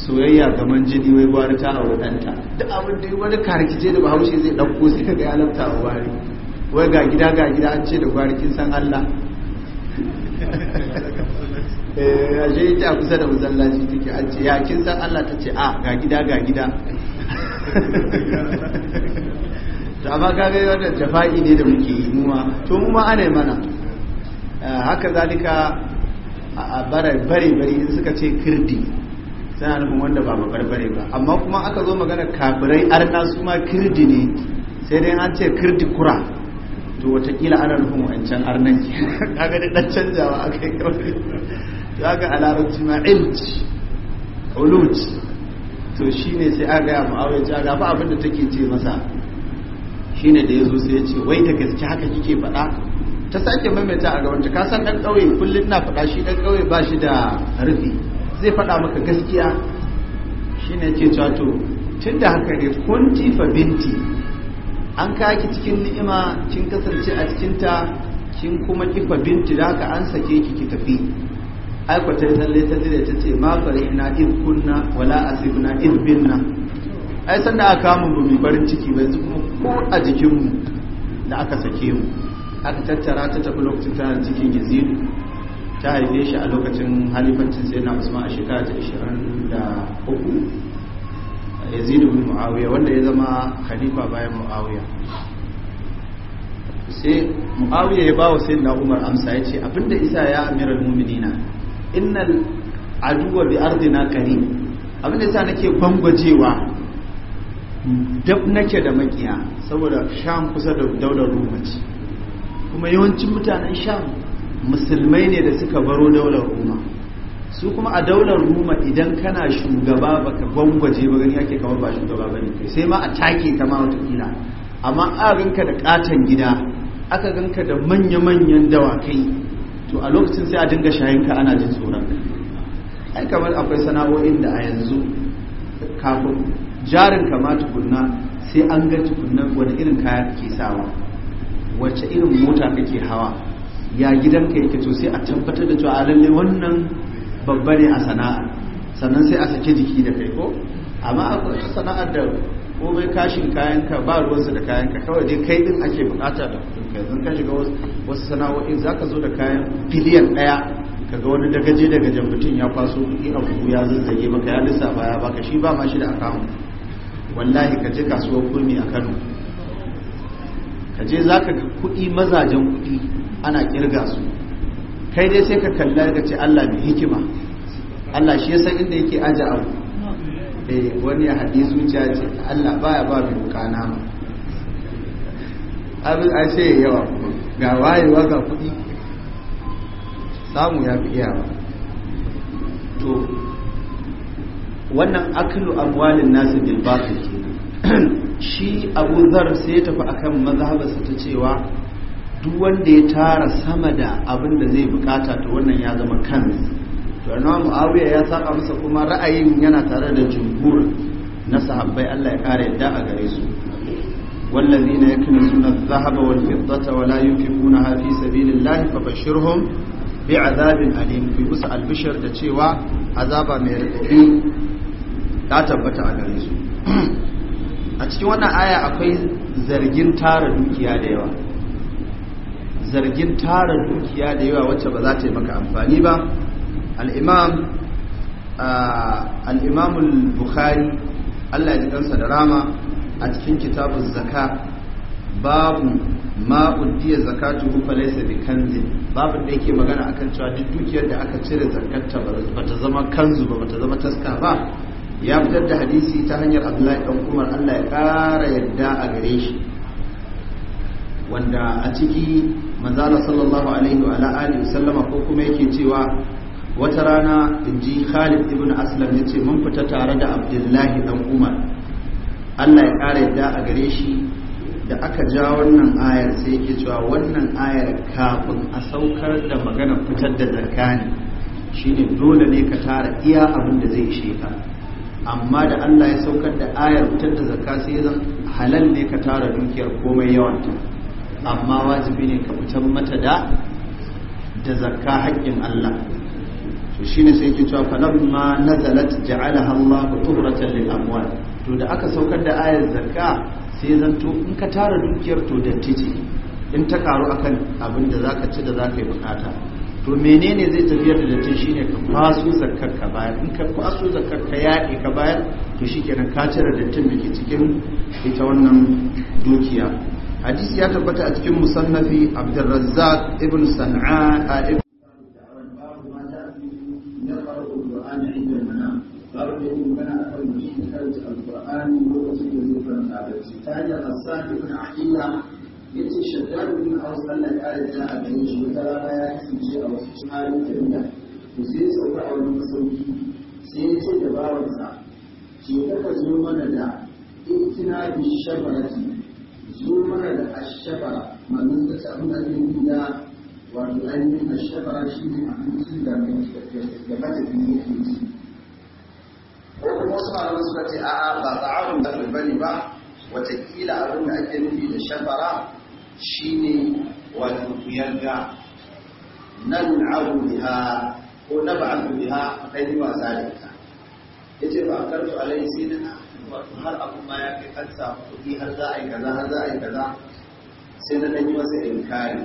soyayya kamar jini wai gwari ta a wadanta da abin da wani karkice da bahaushe zai ɗauko sai ka ga ya lafta a gwari wai ga gida ga gida an ce da gwari kin san allah eh, a ce ita kusa da masallaci take an ce ya kin san allah ta ce a ga gida ga gida to ba ka ga wannan jafa'i ne da muke yi mu to mu ma ana mana eh, haka zalika a bare bare bare in suka ce kirdi sai nufin wanda ba barbare ba amma kuma aka zo magana kafirai arna su ma kirdi ne sai dai an ce kirdi kura to watakila ana nufin wancan arnan ke kaga da dan canjawa aka yi kawai to haka a larabci ma ilci uluci to shi ne sai aka gaya ma'aure cewa ga abin da take ce masa ne da yazo sai ya ce wai da gaske haka kike faɗa ta sake maimaita a gabanta ka san dan ƙauye kullun na faɗa shi dan ƙauye ba shi da rufi zai faɗa maka gaskiya Shi ne ce cewa to da haka ne kunti fa binti an kaki cikin ni'ima kin kasance a cikinta ta kin kuma kifa binti da haka an sake ki ki tafi aikwata ya tsalle ta dire ta ce ma na in kunna wala na in binna ai san da aka mu bu barin ciki bai yanzu ko a jikinmu da aka sake mu aka tattara ta tafi lokacin tana cikin yazidu ta haife shi a lokacin halifancin sai na usman a shekara ta da 23 yazidu bin muawiya wanda ya zama khalifa bayan muawiya sai muawiya ya ba wa sayyidina umar amsa ya ce abinda isa ya amiral mu'minina innal aduwa bi ardina qarin abinda da yasa nake bangwajewa dab nake da makiya saboda sham kusa da daular roma ce kuma yawancin mutanen sham musulmai ne da suka baro daular roma su kuma a daular roma idan kana shugaba baka gwangwaje ba gani ake kamar ba shugaba ba sai ma a take ta ma amma a ganka da katon gida aka ganka da manya-manyan dawakai to a lokacin sai a dinga ka ana jin tsoron ai kamar akwai sana'o'in da a yanzu kafin jarin kama tukunna sai an ga tukunna wani irin kaya kake sawa wacce irin mota kake hawa ya gidan ka yake to sai a tabbatar da cewa lalle wannan babba ne a sana'a sannan sai a sake jiki da kai ko amma akwai sana'ar da komai kashin kayanka ba ruwansu da ka kawai dai kai din ake bukata da kai yanzu ka shiga wasu sana'o'in za ka zo da kayan biliyan ɗaya ga wani dagaje dagajen mutum ya kwaso kuɗi a kuku ya zazzage maka ya baya ba baka shi ba ma shi da akawun wallahi ka je kasuwar kurmi a kano ka je za ka ga kuɗi mazajen kuɗi ana kirga su kai dai sai ka kalla ka ce allah mai hikima allah shi ya san inda yake aje abu eh wani ya haɗi zuciya ce Allah baya ba mai wuka nama abin a ce yawa ga wayewa ga kuɗi samu ya fi iyawa to wannan akilu amwalin nasu bilbatin ke. shi abu zar sai ya tafi akan mazhabarsa ta cewa duk wanda ya tara sama da abin da zai bukata to wannan ya zama kansa sannan mu'awiyar ya saka masa kuma ra'ayin yana tare da jimhur na sahabbai Allah ya kare yadda a gare su wallazi na yakin sunan zahaba wal fiddata wala kuna Hafi, fi sabilillahi fa bashirhum bi azabin alim fi us al da cewa azaba mai rikici ta tabbata a gare su a cikin wannan aya akwai zargin tara dukiya da yawa zargin tara dukiya da yawa wacce ba za ta yi maka amfani ba al'imam uh, al'imamul bukhari allah ya ɗansa da rama a cikin kitabun zaka babu ma'uddiya zakatu falaisa bi kanzin babu da yake magana akan cewa duk dukiyar da aka cire zakarta ba ta zama kanzu ba ta zama taska ba ya fitar da hadisi ta hanyar abdullahi dan umar allah ya ƙara yadda a gare shi wanda a ciki manzala sallallahu alaihi wa alihi sallama ko kuma yake cewa wata rana in ji khalid ibn aslam ya ce mun fita tare da abdullahi dan umar allah ya ƙara yadda a gare shi da aka ja wannan ayar sai yake cewa wannan ayar kafin a saukar da magana fitar da zakka ne shine dole ne ka tara iya abin da zai ishe ka amma da Allah ya saukar da ayar fitar da zakka sai zan halal ne ka tara dukiyar komai yawanta amma wajibi ne ka fitar mata da da zakka haƙƙin Allah to shine sai ke cewa falamma nazalat ja'alaha Allahu tuhratan lil amwal to da aka saukar da ayar zakka sai zanto in ka tara dukiyar to da in ta karu akan abin da zaka ci da zaka yi bukata to menene zai tafiyar da dattin shine ka faso zakkar ka bayar in ka faso zakkar ka yaƙi ka bayar to shikenan ka cire dattin da ke cikin ita wannan dukiya hadisi ya tabbata a cikin musannafi abdurrazzaq ibn san'a malam ya yi magana a kan mutum da karanta alƙur'ani lokacin da zai karanta abinci ta hanyar asali ibn aqila ya ce shaddadu bin aus Allah ya ƙara jana a gare shi wata rana ya a wasu cikin tafiya to sai ya a wani masauki sai ya ce da bawansa ke kuka zo mana da zo mana da shi ne da kuma wasu malamai suka ce a'a ba ta'arun da bane ba watakila abin da ake nufi da shafara shine wato kuyanga nan abu biha ko na ba'adu biha kai wasa da ita ce ba a karto alai sai na wato har abun ma ya kai kan samu kuɗi har za a yi kaza har za a yi kaza sai na ɗan yi masa inkari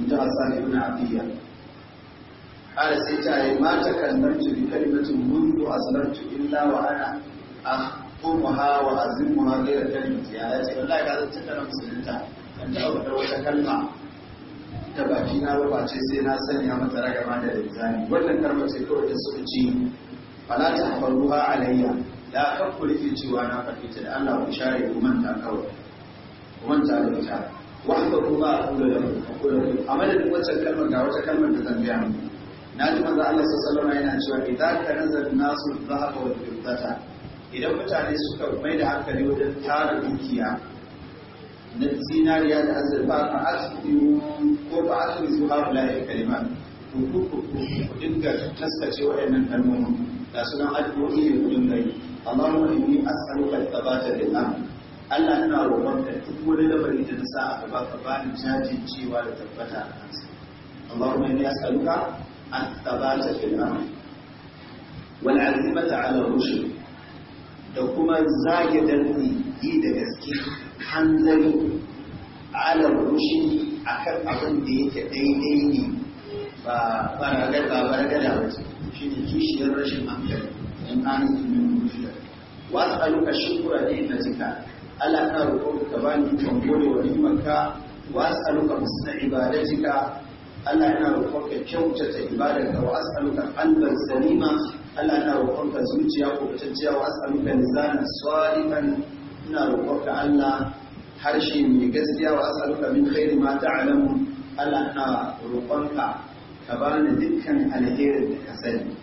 in ji Hassan ibn Abiyya قال سيتا ما تكلمت بكلمة منذ أسررت إلا وأنا أخطمها وأزمها غير كلمة يا آياتي والله قاعدة تكلم سنتا أنت أفكر وتكلم ta baki na ba sai na sanya mata ragama da linzami wannan karma ce kawai ta suka ci fala ta alayya da kan ku rufe cewa na faɗi ta da Allah ku share ku manta kawai ku manta da ita wanda ku ba ku da ku a madadin wacce kalmar ga wata kalmar da zan gaya muku na ji manzo Allah sallallahu alaihi yana cewa idan ka nazar nasu dhahaba wa fiddata idan mutane suka mai da hankali wajen tara dukiya na zinariya da azurfa ka asbiru ko fa asbiru haula'i kalimat ku ku ku ku dinga taskace wayannan kalmomi da sunan addu'o'i ne kudin gari Allahumma inni as'aluka al-thabata lil amr Allah ina ka duk wani labari da na sa a gaba ka bani jajin cewa da tabbata a Allahumma inni as'aluka الثبات في الأمر والعزيمة على الرشد da kuma zage danni yi da gaske hanzari alar rushi a kan abin da yake daidai ne ba baragada ba ce shi ne kishiyar rashin hankali in an yi min rushiyar wasu aluka shukura ne na jika Allah ka roƙo ka bani kan gode wa nimanka wasu aluka musna ibadatika Allah yana roƙon ka kyautata ibadar ka wa as'aluka qalban salima Allah yana roƙonka zuciya ko batacciya wa as'aluka lisanan salihan ina roƙonka Allah harshe mai gaskiya wa as'aluka min khairi ma ta'lamu Allah ina roƙonka ka bani dukkan alherin da ka sani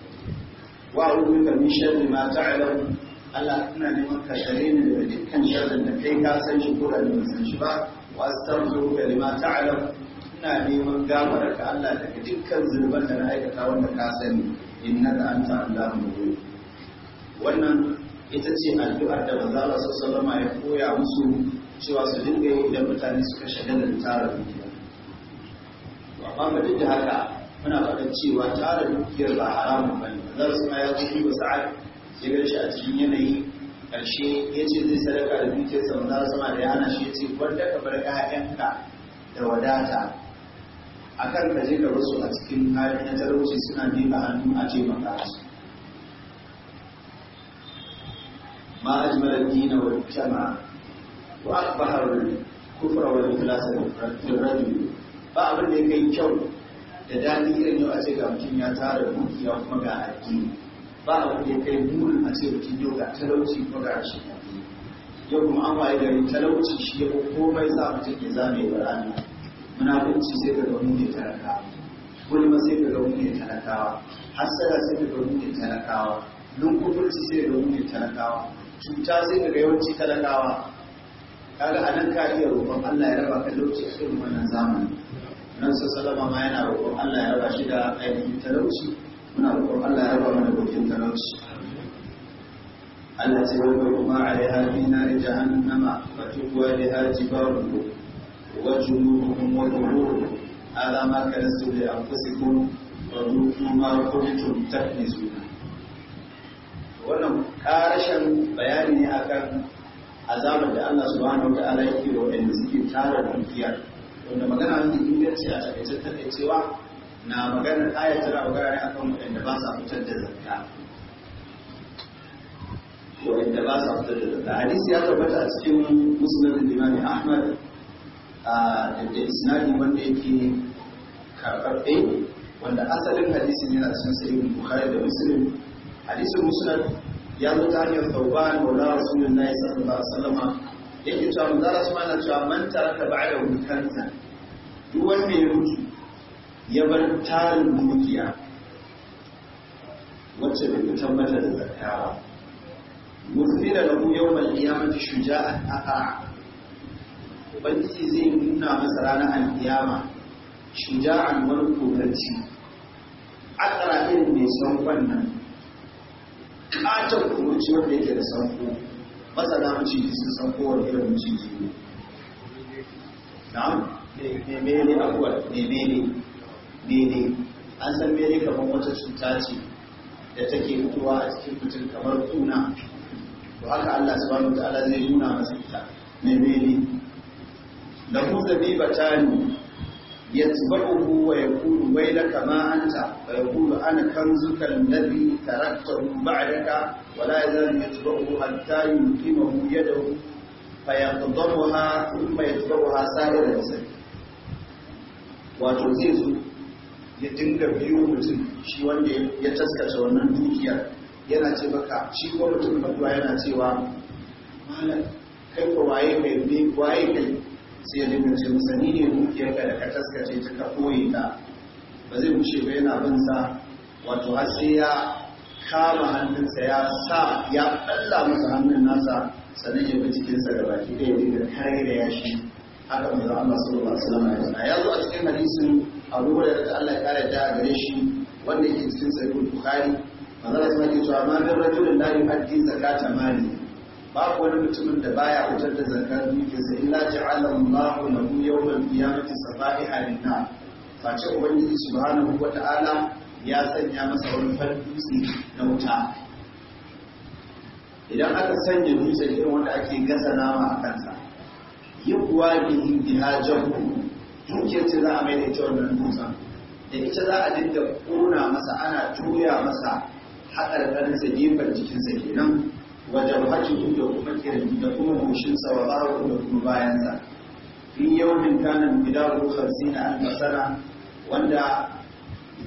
wa a'udhuka min sharri ma ta'lamu Allah ina neman ka share ni daga dukkan sharrin da kai ka san shi ko da ban san shi ba wa astaghfiruka lima ta'lamu ina neman gafarar ka Allah daga dukkan zunuban da na aikata wanda ka sani innaka anta allahu ghafur wannan ita ce addu'ar da manzo Allah sallallahu ya koya musu cewa su dinga yi idan mutane suka shagala da tara dukiya amma duk da haka muna faɗin cewa tara dukiyar ba haramun bane manzo sallallahu suna wasallam ya zo sa'ad ya ga shi a cikin yanayi ƙarshe ya ce zai sadaka da dukiyarsa manzo sallallahu da ya shi ya ce wanda ka bar 'ya'yanka da wadata akan ka je ka wasu a cikin hali na talauci suna miƙa hannu a ce maka su ma ajmal ad-din wal jama'a wa akbar al wani wal ikhlas fil rajul ba abin da kai kyau da dadi irin yau a ce ga mutum ya tara dukiya kuma ga addini ba abin da kai murin a ce mutum yau ga talauci kuma ga shi yau kuma an waye gari talauci shi ya komai sa mutum ya zame wa rana munafunci sai ka gamu ne talakawa gulma sai ka gamu ne talakawa hasara sai ka gamu ne talakawa lunkufurci sai ka gamu ne talakawa cuta sai ka ga yawanci talakawa kaga a nan ka iya roƙon Allah ya raba ka lokaci a irin wannan zamani nan sa salama ma yana roƙon Allah ya raba shi da ainihin talauci muna roƙon Allah ya raba mana dokin talauci Allah ce wa na alaiha fi nari jahannama wa hajji ba jibaruhu وجنوبهم وظهورهم هذا ما كنزتم لأنفسكم وذوقوا ما كنتم تكنزون wannan karashin bayani ne akan azabar da Allah subhanahu wataala yake wa wanda suke tara dukiya wanda magana ne inganci a takaice takaicewa na magana ayat magana ne akan wanda ba sa fitar da zakka wanda ba sa fitar da zakka hadisi ya tabbata a cikin musnad Imam Ahmad da isnadi wanda yake karɓaɓɓe wanda asalin hadisin yana cikin sahihul bukhari da muslim hadisin musnad ya zo ta hanyar tauban maula rasulullahi sallallahu alaihi wasallam yake cewa zara suma na cewa man taraka ba'da kanza duk wanda ya mutu ya bar tarin dukiya wacce bai fitar mata da zakka ba da lahu yawmal qiyamati shuja'an aqa ubangiji zai nuna masa ranar alkiyama shuja'an wani kogarci akara irin mai sankon nan katon kogarci wanda yake da sanko masana maciji sun sanko wani irin maciji ne na memene abuwa memene mene an san mene kamar wata cuta ce da take mutuwa a cikin mutum kamar tuna to haka Allah subhanahu wa ta'ala zai nuna masa ita memene lahu zabibatani yatba'uhu wa yaqulu waylaka kama anta wa yaqulu ana kanzuka alladhi taraktahu ba'daka wa la yazalu yatba'uhu hatta yulqimahu yadahu ya thumma ha sa'ira da sabil wato zai zo ya dinga biyo mutum shi wanda ya taskace wannan dukiya yana ce maka shi kuma mutum maduwa yana cewa malam kai ko waye kai ne waye kai sai ya dinga ce masa ni ne dukiyarka da ka taskace ta ka koye ta ba zai wuce ba yana bin sa wato har sai ya kama hannunsa ya sa ya ɓalla masa hannun nasa sannan ya bi cikinsa da baki ɗaya ya dinga kare da yashi haka mai Allah sallallahu alaihi wasallam ya zo a cikin hadisin Abu da da Allah ya kare da gare shi wanda yake cikin sahih Bukhari manzo Allah ya ce ma da rajulun la yu'addi zakata mali Ba babu wani mutumin da baya fitar da zakar sai illa ja'ala Allahu lahu yawmal qiyamati safahiha lin-nar face ubangiji subhanahu ta'ala ya sanya masa wani farfisi na wuta idan aka sanya dutse irin wanda ake gasa nama a kansa yi kuwa bihi biha dukiyar ce za a mai da ita wannan dutsen da ita za a dinga ƙuna masa ana tuya masa sa, ɗansa gefen jikinsa kenan wajen hajji da kuma kirji da kuma goshinsa wa barawa da kuma bayansa in yau din kanin bidaru hamsin na almasana wanda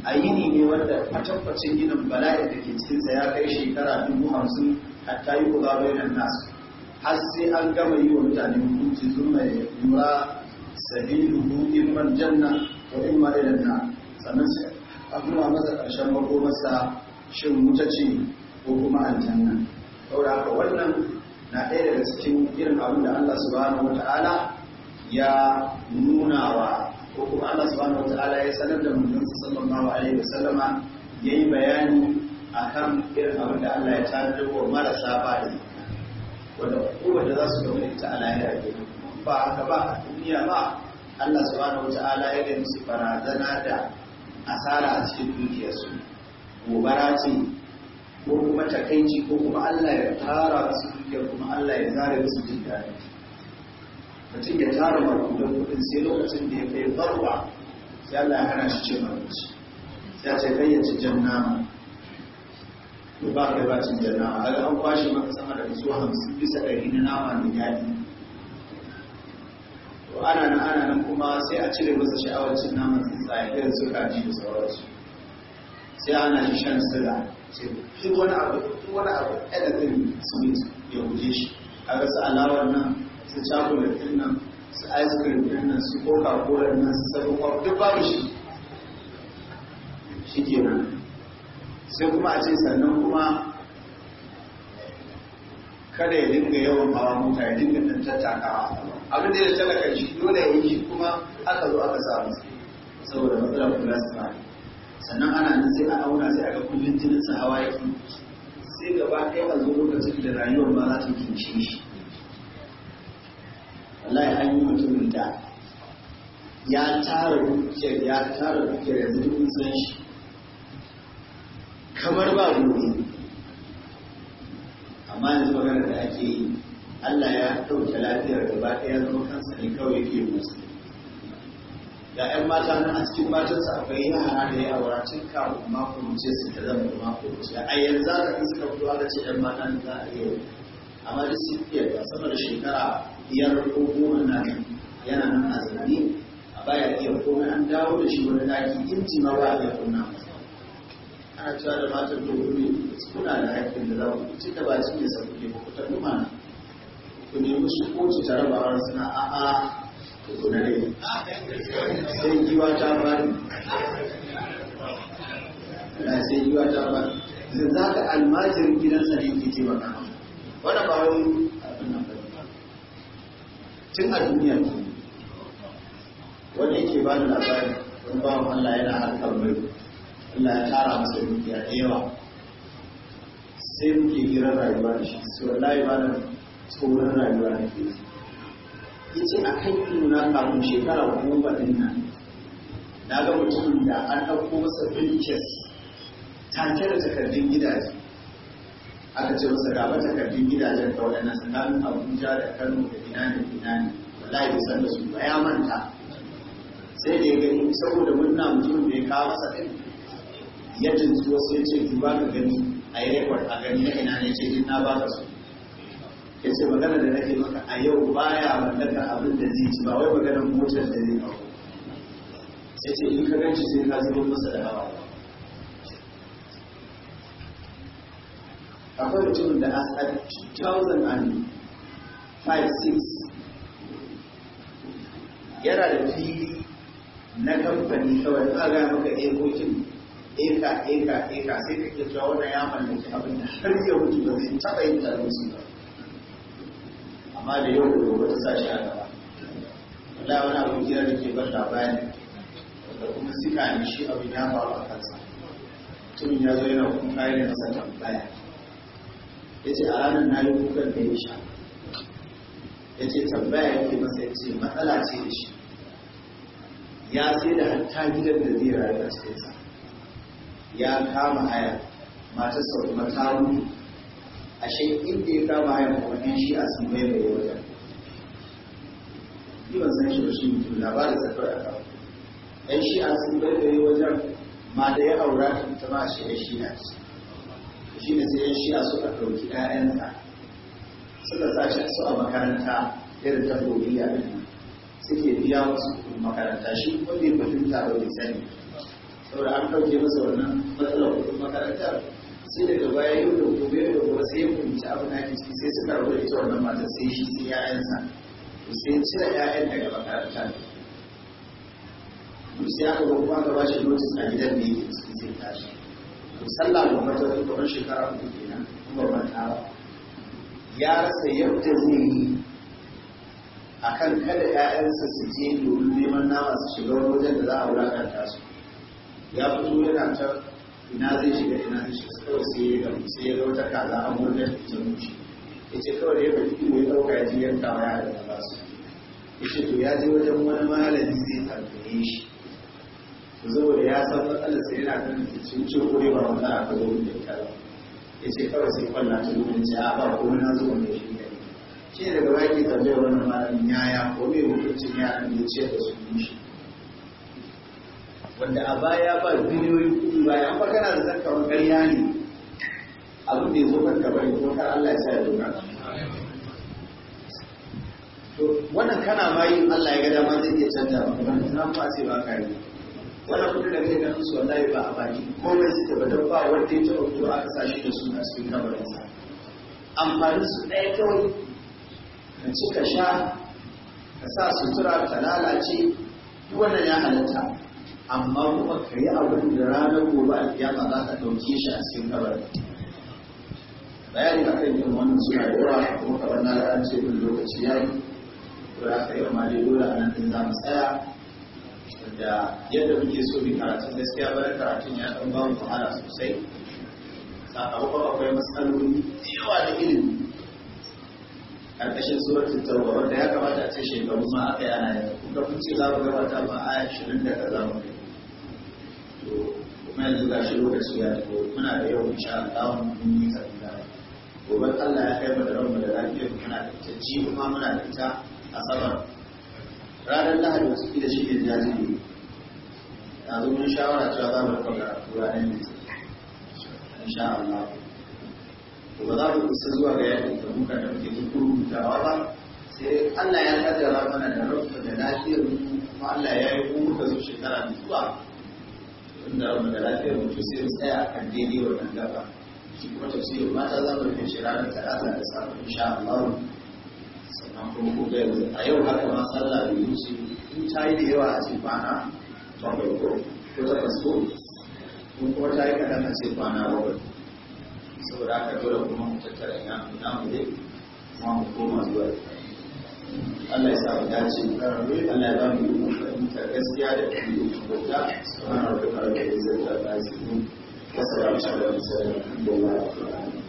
a yini ne wanda matabbacin ginin bala'i da ke cikinsa ya kai shekara dubu hamsin hatta yi kuba bayanan nasu har sai an gama yi wa mutane hukunci sun mai lura sabilu in man janna wa in mara da na sannan sai a kuma masa ƙarshen makomarsa shin wuta ce ko kuma aljanna saboda haka wannan na ɗaya daga cikin irin abin da Allah subhanahu wa ta'ala ya nuna wa ko kuma Allah subhanahu wa ta'ala ya sanar da manzon sallallahu alaihi wa sallama yayi bayani akan irin abin da Allah ya tanadar wa marasa ba da wanda kowa da za su gama ita a lahira ke ba haka ba a duniya ba Allah subhanahu wa ta'ala ya gani musu barazana da asara a cikin dukiyarsu gobara ce ko kuma takaici ko kuma Allah ya tara su dukiyar kuma Allah ya zare su jin daɗi mutum ya tara makudan kuɗin sai lokacin da ya kai barwa sai Allah ya hana shi cin abinci sai ce kai ya ci jan nama to ba kai ba cin jan nama kaga an kwashe maka sama da kaso hamsin bisa ɗari na nama mai daɗi to ana nan ana nan kuma sai a cire masa sha'awar cin naman tsuntsaye irin su kaji da sauransu sai ana shi shan siga sai wani abu duk wani abu editing sweet ya guje shi a ga su alawar nan su chocolate din nan su ice cream din nan su coca cola nan su sabon kwaf duk babu shi shi ke nan sai kuma a ce sannan kuma kada ya dinga yawan hawa mota ya dinga ɗan tattakawa abin da ya talaka shi dole ya yi kuma aka zo aka samu saboda matsalar kula su sannan ana nan sai a auna sai a ga kullum jinin sa hawa yake sai gaba ɗaya a zo lokacin da rayuwar ma za ta kince shi wallahi an yi mutumin da ya tara dukiyar ya tara dukiyar yanzu duk san shi kamar ba gobe amma yanzu magana da ake yi Allah ya ɗauke lafiyar gaba ɗaya zama kansa ne kawai yake musu Da 'yan mata nan a cikin matansa akwai yara da ya aura tun kafin mako mace su ta zama mako mace a yanzu za ka suka fito aka ce 'yan mata za a yi amma duk sun fiye da sama da shekara biyar ko goma na yana nan a zane a baya iya komai an dawo da shi wani daki inci ma ba a iya kunna masa ana cewa da matan da wuri kuna da haƙƙin da za ku ci da ba su ne sa kuke ku fitar ku nemi su kotu ta raba sana'a sai giwa ta bani na sai giwa ta bani zan za ka almajirin gidansa ne ke ce maka wani ba wani tun a duniya ne wanda yake ba da labari don ba mu Allah yana harkar mai Allah ya tara masa dukiya da yawa sai muke giran rayuwa da shi so wallahi ba da tsoron rayuwa da ke yace ce a kan iluna kafin shekara goma din nan na ga mutumin da an ɗauko masa bilkis take da takardun gidaje aka ce masa gaba takardun gidajen da waɗannan tsakanin abuja da kano da ina ne ina ne wallahi bai san da su ba ya manta sai da ya gani saboda murna mutumin da ya kawo masa ɗin ya jinsu wasu ya ce duba ka gani a yi rekwar a gani na ina ne ce in na baka su ya ce magana da nake maka a yau baya mallaka abin da zai ci ba wai maganar motar da zai hau sai ce in ka ganci sai ka zama masa da hawa akwai mutumin da as a 2005-6 yana da fili na kamfani kawai ba ga maka ekokin eka eka eka sai ka ke cewa wannan ya mallaki abin da har yau mutu ba zai taɓa yin tarin su ba amma da yau da gobe ta sa shi a gaba wanda wani abin gida da ke bar labari da kuma sika ne shi abin ya faru a kansa mutumin ya zo yana kuka yana masa tambaya ya ce a ranar na yi kukan da ya sha ya ce tambaya yake masa ya ce matsala ce da shi ya sai da hatta gidan da zai rayu a cikinsa ya kama haya matarsa kuma ta mutu ashe inda ya kama ya mawakin shi a sun mai mai wata yi ban san shi da shi mutum labarin zafar a kawo ɗan shi a sun mai mai wajen ma da ya aura ta ita ma shi ya shi na ci shi ne sai yan shi a suka ɗauki ɗayansa suka sa shi su a makaranta irin ta gobiya da ne suke biya wasu kuɗin makaranta shi wanda ya fahimta ba bai sani saboda an ɗauke masa wannan matsalar kuɗin makarantar sai daga baya yau da gobe da gobe sai ya fahimci abu na ake ciki sai suka rabu da ita wannan mata sai shi sai ya'yansa to sai cire ya'yan daga makaranta to sai aka kuma aka ba shi notice a gidan da yake ciki sai tashi to sallah da mata da kuma shekara uku kenan kuma ban ya rasa yadda zai yi akan kada ‘ya'yansa su je domin neman nama su shiga wajen da za a wulakanta su ya fito yana ta ina zai shiga ina zai shiga kawai sai ya gamu sai ya zauta kaza a murnar ta mushi ya ce kawai da ya bari kuma ya ɗauka ya ji yanka wa yara da ba su ya ce to ya je wajen wani malami zai tambaye shi saboda ya san matsalar sai yana kan cikin cikin ba wanda aka zo da ita ba ya ce kawai sai kwalla ta gudun ce a ba ko na zo mai shi ne shi ne daga baki tambayar wani malamin ya ko mai mutuncin yaran ya ce da su mushi wanda a baya ba da biliyoyin kuɗi baya an na da zakkawan ƙarya ne abin da ya zo kanka bane ko ta Allah ya sa ya doka to wannan kana ma yin Allah ya ga dama zai iya canja ba ba na fa sai ba kai wannan kuɗi da kai kan su wallahi ba a baki komai suke ba don ba wanda ya taɓa fito aka sa shi da su a cikin sa. Amfani su ɗaya kawai ka ci ka sha ka sa sutura ta lalace duk wannan ya halatta amma kuma ka yi abin da ranar gobe a kiyama za ka ɗauke shi a cikin kabari bayani a kan yin wannan suna da yawa kuma kamar na da ce min lokaci ya yi ko da aka yi amma dai dole a nan din za mu tsaya da yadda muke so bi karatun gaskiya ba da karatun ya ɗan ba mu fahara sosai sakamakon akwai matsaloli da yawa da ilimi karkashin suratul tauba wanda ya kamata a ce shekaru ma a kai ana yi. kuma kun ce za mu gabata ba a shirin da kaza zama. kuma yanzu ga shi lokaci ya tafi muna da yau insha Allah mun yi kabila gobe Allah ya kai mu da ranmu da lafiyar muna da ita ji kuma muna da ita asabar ranar lahadi wasu kila shi ne jajibi yanzu mun shawara cewa za mu rufe karatu ranar litinin insha Allah to ba za mu isa zuwa ga yakin da muka da muke mu rubutawa ba sai Allah ya kaddara mana da rufe da lafiyar mu kuma Allah ya yi mu muka zo shekara mai zuwa inda abu da lafiyar mutum sai mu tsaya a kan daidai wannan gaba shi kuma tafsirin mata za mu rufe shi talata da safe insha Allah sannan kuma ko ga a yau haka ma sallah da yusu in ta yi da yawa a ce kwana bakwai ko ko ta kasko ko kuma ta yi kaɗan a ce kwana bakwai saboda haka dole kuma mu tattara ina mu dai kuma mu koma zuwa Allah ya sa mu dace Allah ya ba mu yi fahimta gaskiya da kuma yi kyauta subhana rabbika rabbil ta amma yasifun wa salamun ala mursalin alhamdulillahi rabbil alamin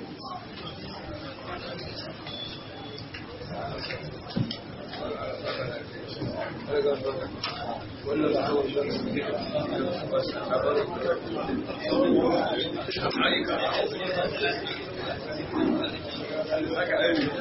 wannan da ba